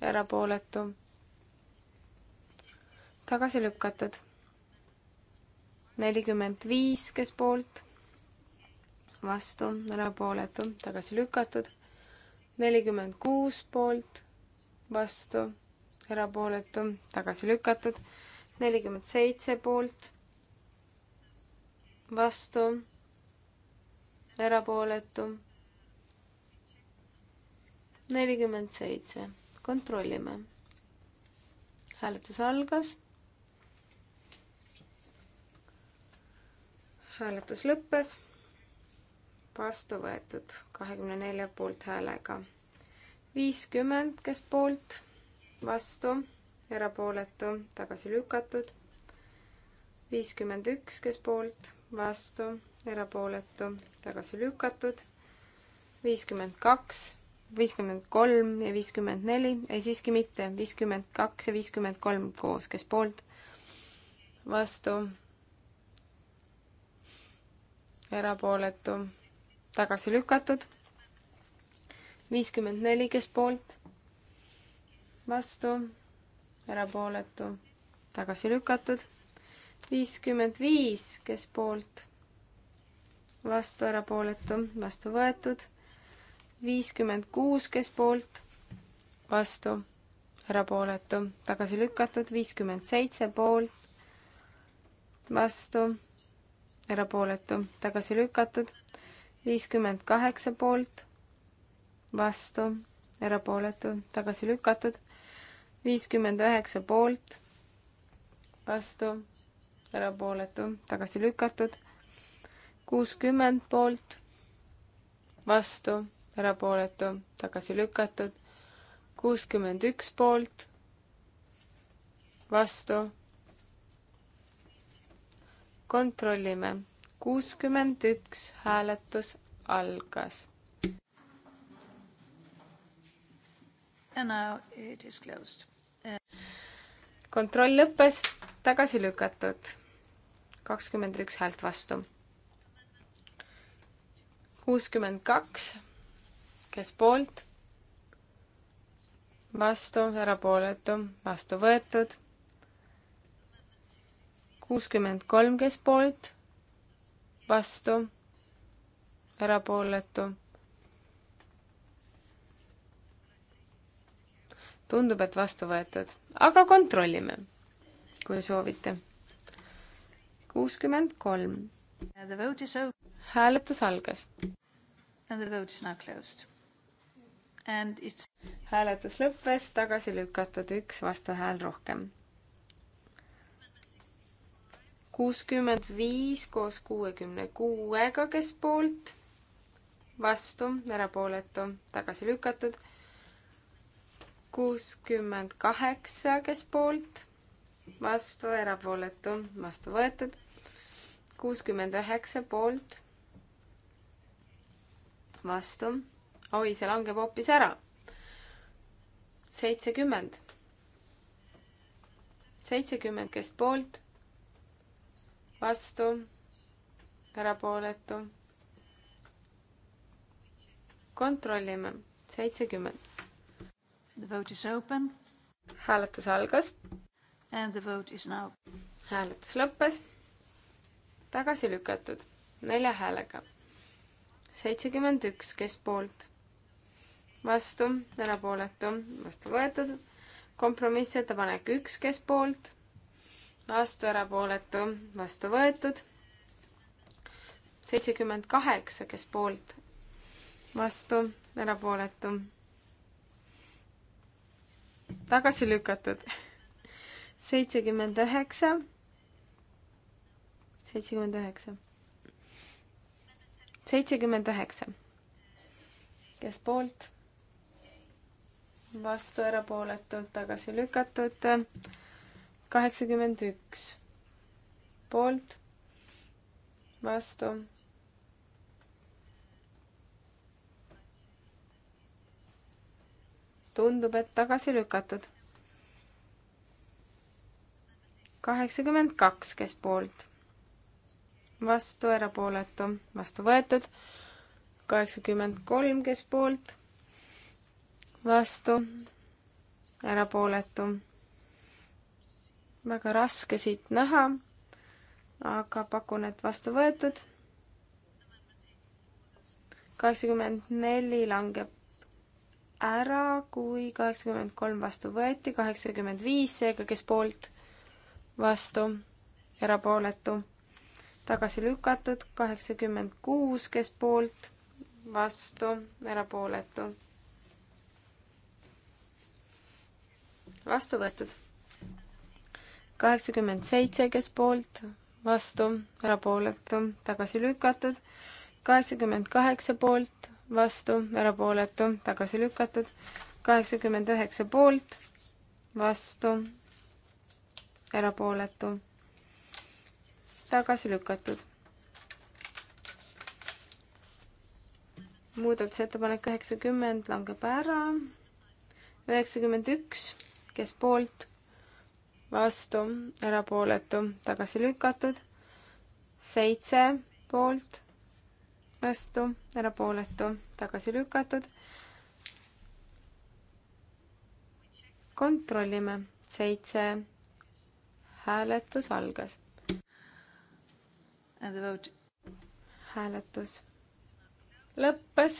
erapooletu, tagasi lükatud. nelikümmend viis, kes poolt, vastu, erapooletu, tagasi lükatud. nelikümmend kuus poolt, vastu, erapooletu, tagasi lükatud. nelikümmend seitse poolt vastu, erapooletu, nelikümmend seitse, kontrollime. hääletus algas. hääletus lõppes, vastu võetud kahekümne nelja poolthäälega viiskümmend, kes poolt, vastu, erapooletu, tagasi lükatud. viiskümmend üks, kes poolt, vastu, erapooletu, tagasi lükatud. viiskümmend kaks, viiskümmend kolm ja viiskümmend neli, ei siiski mitte, viiskümmend kaks ja viiskümmend kolm koos, kes poolt, vastu, erapooletu, tagasi lükatud. viiskümmend neli, kes poolt, vastu, erapooletu, tagasi lükatud viiskümmend viis, kes poolt, vastu, erapooletu, vastu võetud. viiskümmend kuus, kes poolt, vastu, erapooletu, tagasi lükatud. viiskümmend seitse poolt, vastu, erapooletu, tagasi lükatud. viiskümmend kaheksa poolt, vastu, erapooletu, tagasi lükatud. viiskümmend üheksa poolt, vastu erapooletu, tagasi lükatud. kuuskümmend poolt, vastu, erapooletu, tagasi lükatud. kuuskümmend üks poolt, vastu. kontrollime, kuuskümmend üks hääletus algas. And now it is closed kontroll lõppes tagasi lükatud. kakskümmend üks häält vastu. kuuskümmend kaks, kes poolt? vastu, erapooletu, vastu võetud. kuuskümmend kolm, kes poolt? vastu, erapooletu tundub, et vastu võetud, aga kontrollime kui soovite. kuuskümmend kolm. hääletus algas. hääletus lõppes, tagasi lükatud üks vastuhääl rohkem kuuskümmend viis koos kuuekümne kuuega, kes poolt, vastu, erapooletu, tagasi lükatud. kuuskümmend kaheksa, kes poolt, vastu, erapooletu, vastu võetud. kuuskümmend üheksa poolt, vastu. oi, see langeb hoopis ära. seitsekümmend. seitsekümmend, kes poolt, vastu, erapooletu. kontrollime, seitsekümmend. The vote is open. hääletus algas And the vote is now. hääletus lõppes. tagasi lükatud nelja häälega. seitsekümmend üks, kes poolt? vastu, erapooletu, vastu võetud. kompromissettepanek üks, kes poolt? vastu, erapooletu, vastu võetud. seitsekümmend kaheksa, kes poolt? vastu, erapooletu. tagasi lükatud seitsekümmend üheksa, seitsekümmend üheksa, seitsekümmend üheksa. kes poolt? vastu, erapooletult tagasi lükatud. kaheksakümmend üks poolt, vastu. tundub, et tagasi lükatud kaheksakümmend kaks, kes poolt, vastu, erapooletu, vastu võetud, kaheksakümmend kolm, kes poolt, vastu, erapooletu. väga raske siit näha, aga pakun, et vastu võetud. kaheksakümmend neli langeb ära, kui kaheksakümmend kolm vastu võeti, kaheksakümmend viis, seega kes poolt vastu, erapooletu, tagasi lükatud, kaheksakümmend kuus, kes poolt, vastu, erapooletu. vastu võetud. kaheksakümmend seitse, kes poolt, vastu, erapooletu, tagasi lükatud, kaheksakümmend kaheksa poolt, vastu, erapooletu, tagasi lükatud, kaheksakümmend üheksa poolt, vastu, erapooletu, tagasi lükatud. muudatusettepanek üheksakümmend langeb ära, üheksakümmend üks, kes poolt, vastu, erapooletu, tagasi lükatud, seitse poolt, vastu, erapooletu, tagasi lükatud kontrollime. seitse hääletus algas. hääletus lõppes.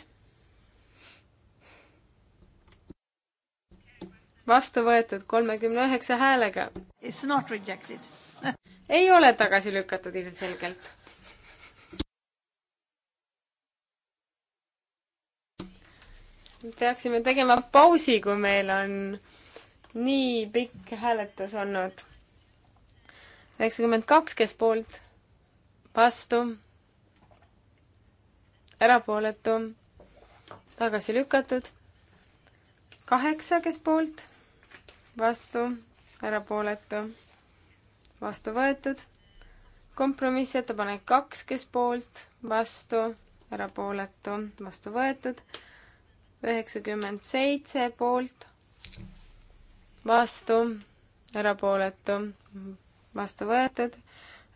vastu võetud kolmekümne üheksa häälega. It's not rejected [laughs] ei ole tagasi lükatud ilmselgelt. peaksime tegema pausi, kui meil on nii pikk hääletus olnud üheksakümmend kaks, kes poolt, vastu, erapooletu, tagasi lükatud. kaheksa, kes poolt, vastu, erapooletu, vastu võetud. kompromissettepanek kaks, kes poolt, vastu, erapooletu, vastu võetud üheksakümmend seitse poolt, vastu, erapooletu, vastu võetud,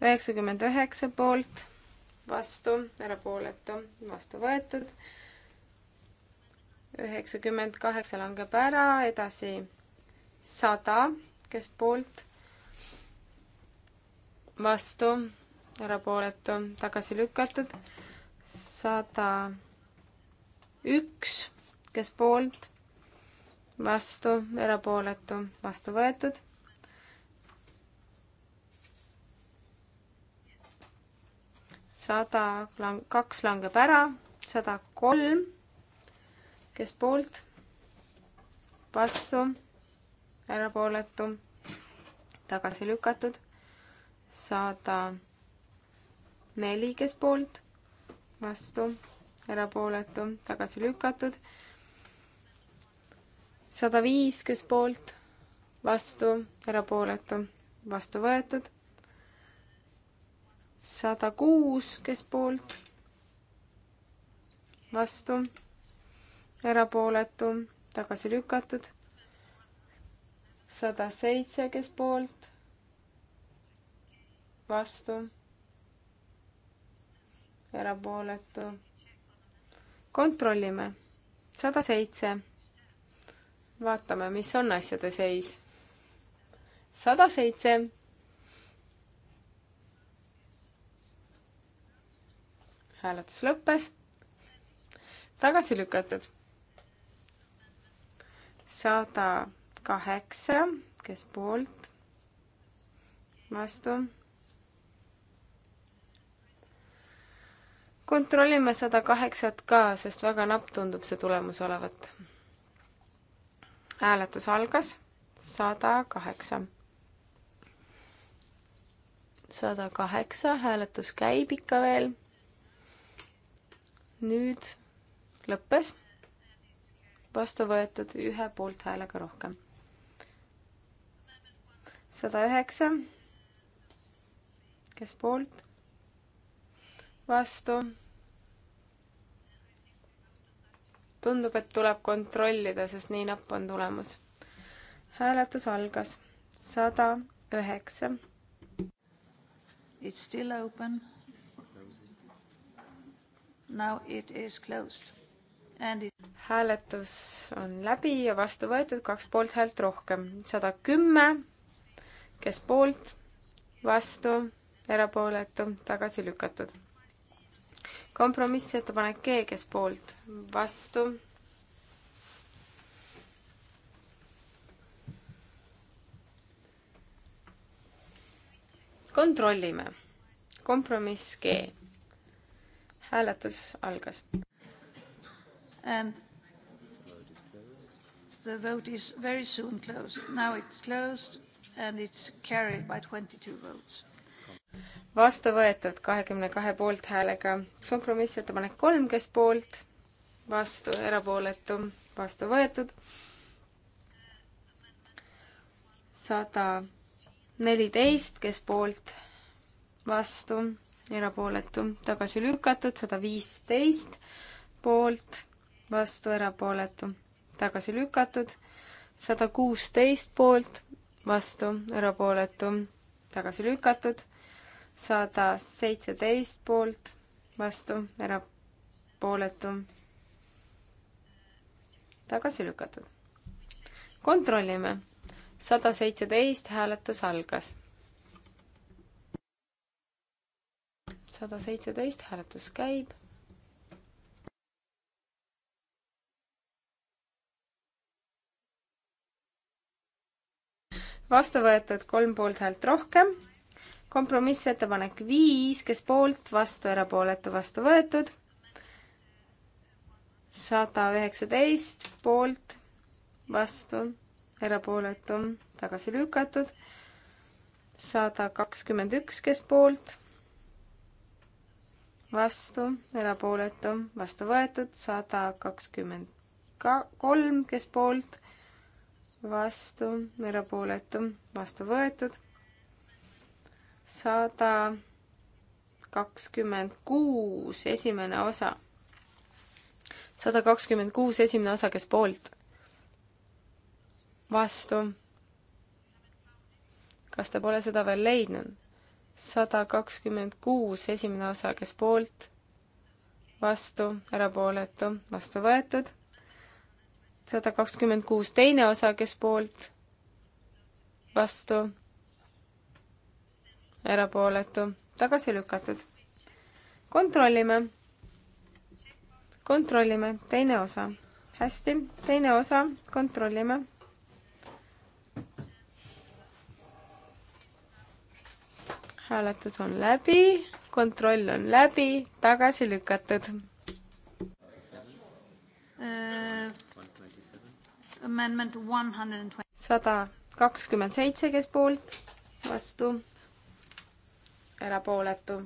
üheksakümmend üheksa poolt, vastu, erapooletu, vastu võetud. üheksakümmend kaheksa langeb ära, edasi sada, kes poolt, vastu, erapooletu, tagasi lükatud, sada üks, kes poolt, vastu, erapooletu, vastu võetud sada lang-, kaks langeb ära, sada kolm, kes poolt, vastu, erapooletu, tagasi lükatud, sada neli, kes poolt, vastu, erapooletu, tagasi lükatud, sada viis, kes poolt, vastu, erapooletu, vastu võetud sada kuus, kes poolt, vastu, erapooletu, tagasi lükatud. sada seitse, kes poolt, vastu, erapooletu. kontrollime, sada seitse. vaatame, mis on asjade seis. sada seitse hääletus lõppes. tagasi lükatud. sada kaheksa, kes poolt, vastu. kontrollime sada kaheksat ka, sest väga napp tundub see tulemus olevat. hääletus algas, sada kaheksa sada kaheksa, hääletus käib ikka veel nüüd lõppes. vastu võetud ühe poolthäälega rohkem. sada üheksa. kes poolt? vastu. tundub, et tuleb kontrollida, sest nii napp on tulemus. hääletus algas sada üheksa. It's still open hääletus on läbi ja vastu võetud kaks poolthäält rohkem, sada kümme, kes poolt, vastu, erapooletu, tagasi lükatud. kompromissettepanek G, kes poolt, vastu kontrollime. kompromiss G hääletus algas um,. The vote is very soon closed. Now it's closed and it's carried by twenty two votes. vastu võetud kahekümne kahe poolthäälega. kompromissettepanek kolm, kes poolt, vastu, erapooletu, vastu võetud. sada neliteist, kes poolt, vastu erapooletu, tagasi lükatud, sada viisteist poolt, vastu erapooletu, tagasi lükatud, sada kuusteist poolt, vastu erapooletu, tagasi lükatud, sada seitseteist poolt, vastu erapooletu, tagasi lükatud. kontrollime. sada seitseteist hääletus algas sada seitseteist, hääletus käib. vastu võetud kolm poolthäält rohkem. kompromissettepanek viis, kes poolt, vastu, erapooletu, vastu võetud. sada üheksateist poolt, vastu, erapooletu, tagasi lükatud. sada kakskümmend üks, kes poolt vastu, erapooletu, vastu võetud, sada kakskümmend ka-, kolm, kes poolt, vastu, erapooletu, vastu võetud, sada kakskümmend kuus, esimene osa. sada kakskümmend kuus, esimene osa, kes poolt? vastu. kas te pole seda veel leidnud? sada kakskümmend kuus, esimene osa, kes poolt, vastu, erapooletu, vastu võetud. sada kakskümmend kuus, teine osa, kes poolt, vastu, erapooletu, tagasi lükatud. kontrollime. kontrollime, teine osa. hästi, teine osa, kontrollime hääletus on läbi, kontroll on läbi, tagasi lükatud uh,. sada kakskümmend seitse, kes poolt, vastu, erapooletu.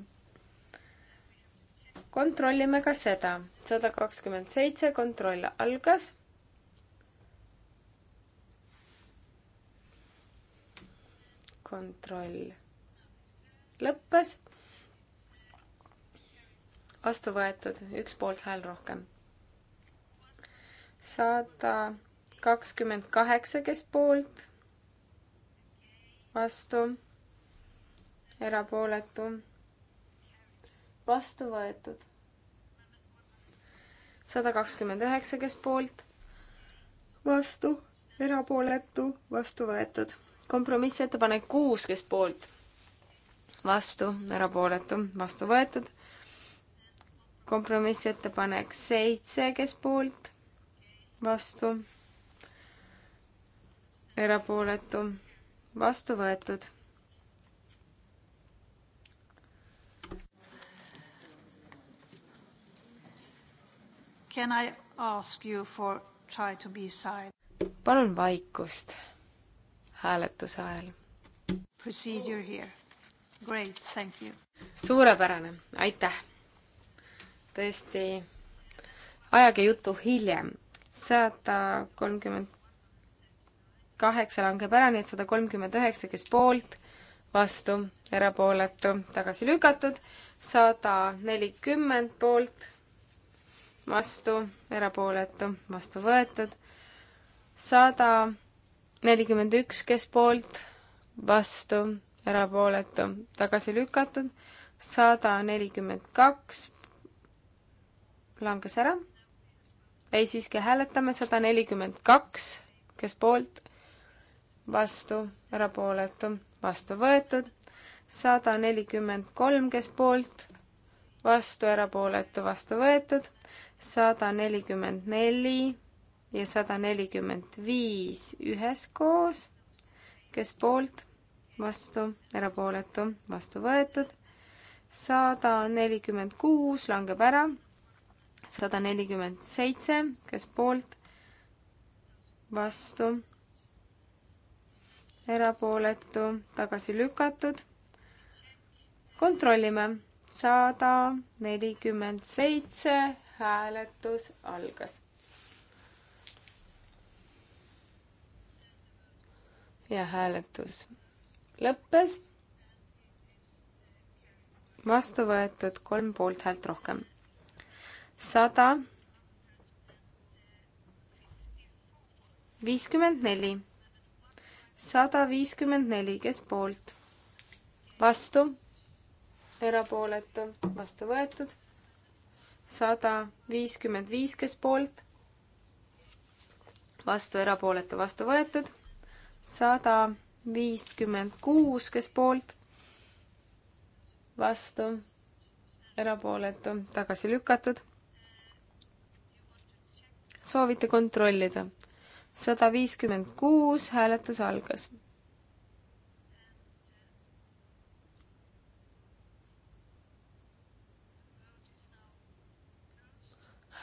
kontrollime ka seda, sada kakskümmend seitse, kontroll algas kontroll lõppes. vastu võetud üks poolthääl rohkem. sada kakskümmend kaheksa, kes poolt, vastu, erapooletu, vastu võetud. sada kakskümmend üheksa, kes poolt, vastu, erapooletu, vastu võetud kompromissettepanek kuus, kes poolt vastu, erapooletu, vastu võetud. kompromissettepanek seitse, kes poolt, vastu, erapooletu, vastu võetud. Can I ask you for try to be silent? palun vaikust hääletuse ajal. Procedure here suurepärane, aitäh! tõesti, ajage juttu hiljem. sada kolmkümmend kaheksa langeb ära, nii et sada kolmkümmend üheksa, kes poolt, vastu, erapooletu, tagasi lükatud, sada nelikümmend poolt, vastu, erapooletu, vastu võetud, sada nelikümmend üks, kes poolt, vastu, erapooletu, tagasi lükatud, sada nelikümmend kaks langes ära. ei, siiski hääletame, sada nelikümmend kaks, kes poolt, vastu, erapooletu, vastu võetud, sada nelikümmend kolm, kes poolt, vastu, erapooletu, vastu võetud, sada nelikümmend neli ja sada nelikümmend viis üheskoos, kes poolt vastu, erapooletu, vastu võetud. sada nelikümmend kuus langeb ära. sada nelikümmend seitse, kes poolt, vastu, erapooletu, tagasi lükatud. kontrollime. sada nelikümmend seitse, hääletus algas. ja hääletus lõppes. vastu võetud kolm poolthäält rohkem. sada. viiskümmend neli. sada viiskümmend neli, kes poolt? vastu. erapooletu, vastu võetud. sada viiskümmend viis, kes poolt? vastu, erapooletu, vastu võetud. sada viiskümmend kuus, kes poolt, vastu, erapooletu, tagasi lükatud. soovite kontrollida? sada viiskümmend kuus, hääletus algas.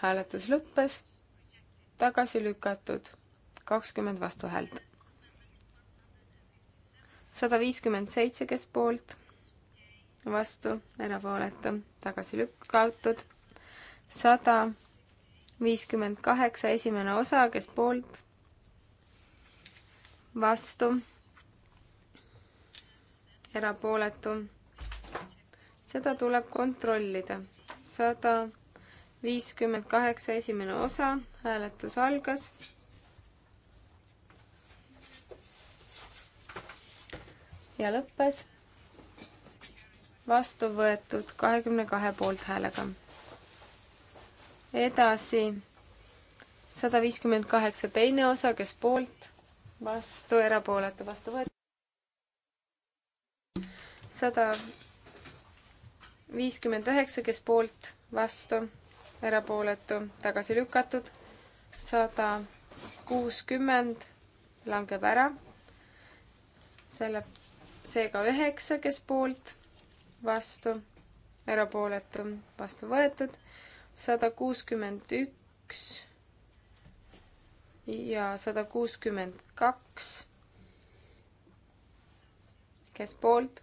hääletus lõppes, tagasi lükatud, kakskümmend vastuhäält sada viiskümmend seitse, kes poolt, vastu, erapooletu, tagasi lükatud. sada viiskümmend kaheksa, esimene osa, kes poolt, vastu, erapooletu. seda tuleb kontrollida. sada viiskümmend kaheksa, esimene osa, hääletus algas ja lõppes vastu võetud kahekümne kahe poolthäälega. edasi sada viiskümmend kaheksa teine osa, kes poolt, vastu, erapooletu, vastu võetud. sada viiskümmend üheksa, kes poolt, vastu, erapooletu, tagasi lükatud. sada kuuskümmend langeb ära. selle seega üheksa, kes poolt, vastu, erapooletu, vastu võetud, sada kuuskümmend üks ja sada kuuskümmend kaks, kes poolt,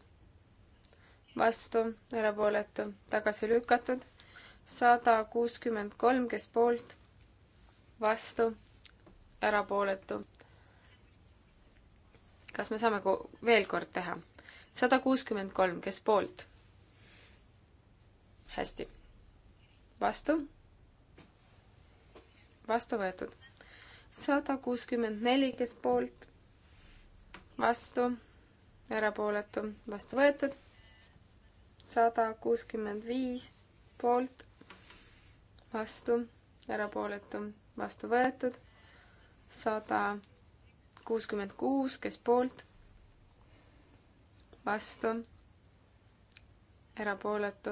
vastu, erapooletu, tagasi lükatud, sada kuuskümmend kolm, kes poolt, vastu, erapooletu kas me saame ko-, veel kord teha? sada kuuskümmend kolm, kes poolt? hästi. vastu? vastu võetud. sada kuuskümmend neli, kes poolt? vastu? erapooletu, vastu võetud. sada kuuskümmend viis poolt, vastu, erapooletu, vastu võetud. sada kuuskümmend kuus, kes poolt, vastu, erapooletu.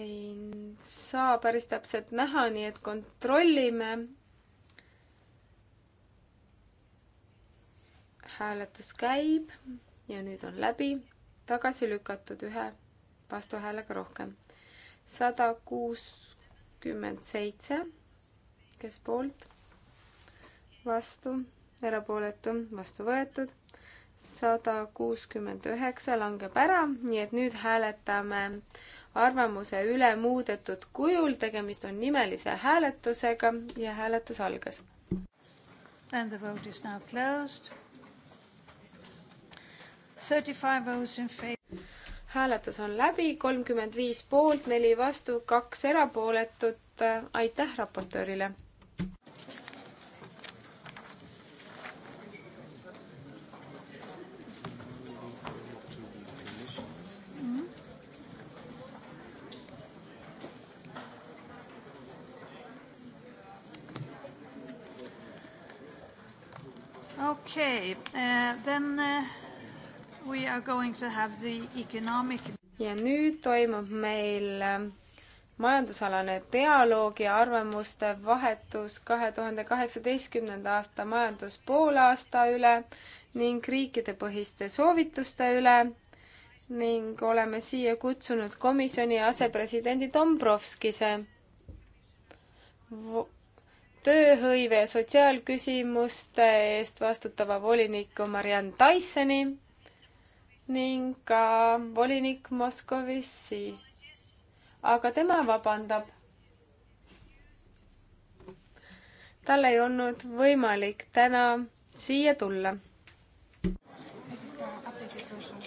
ei saa päris täpselt näha, nii et kontrollime. hääletus käib ja nüüd on läbi, tagasi lükatud ühe vastuhäälega rohkem. sada kuuskümmend seitse, kes poolt vastu, erapooletu, vastu võetud. sada kuuskümmend üheksa langeb ära, nii et nüüd hääletame arvamuse üle muudetud kujul, tegemist on nimelise hääletusega ja hääletus algas. And the vote is now closed. Thirty five votes in favor hääletus on läbi, kolmkümmend viis poolt, neli vastu, kaks erapooletut. aitäh raportöörile! Okay, uh, then uh, we are going to have the economic... ja nüüd toimub meil ähm, majandusalane dialoog ja arvamuste vahetus kahe tuhande kaheksateistkümnenda aasta majanduspoolaasta üle ning riikidepõhiste soovituste üle ning oleme siia kutsunud komisjoni asepresidendi Dombrovskise tööhõive ja sotsiaalküsimuste eest vastutava voliniku Marianne Tysoni ning ka volinik Moskovissi. aga tema vabandab. tal ei olnud võimalik täna siia tulla. This is the updated version.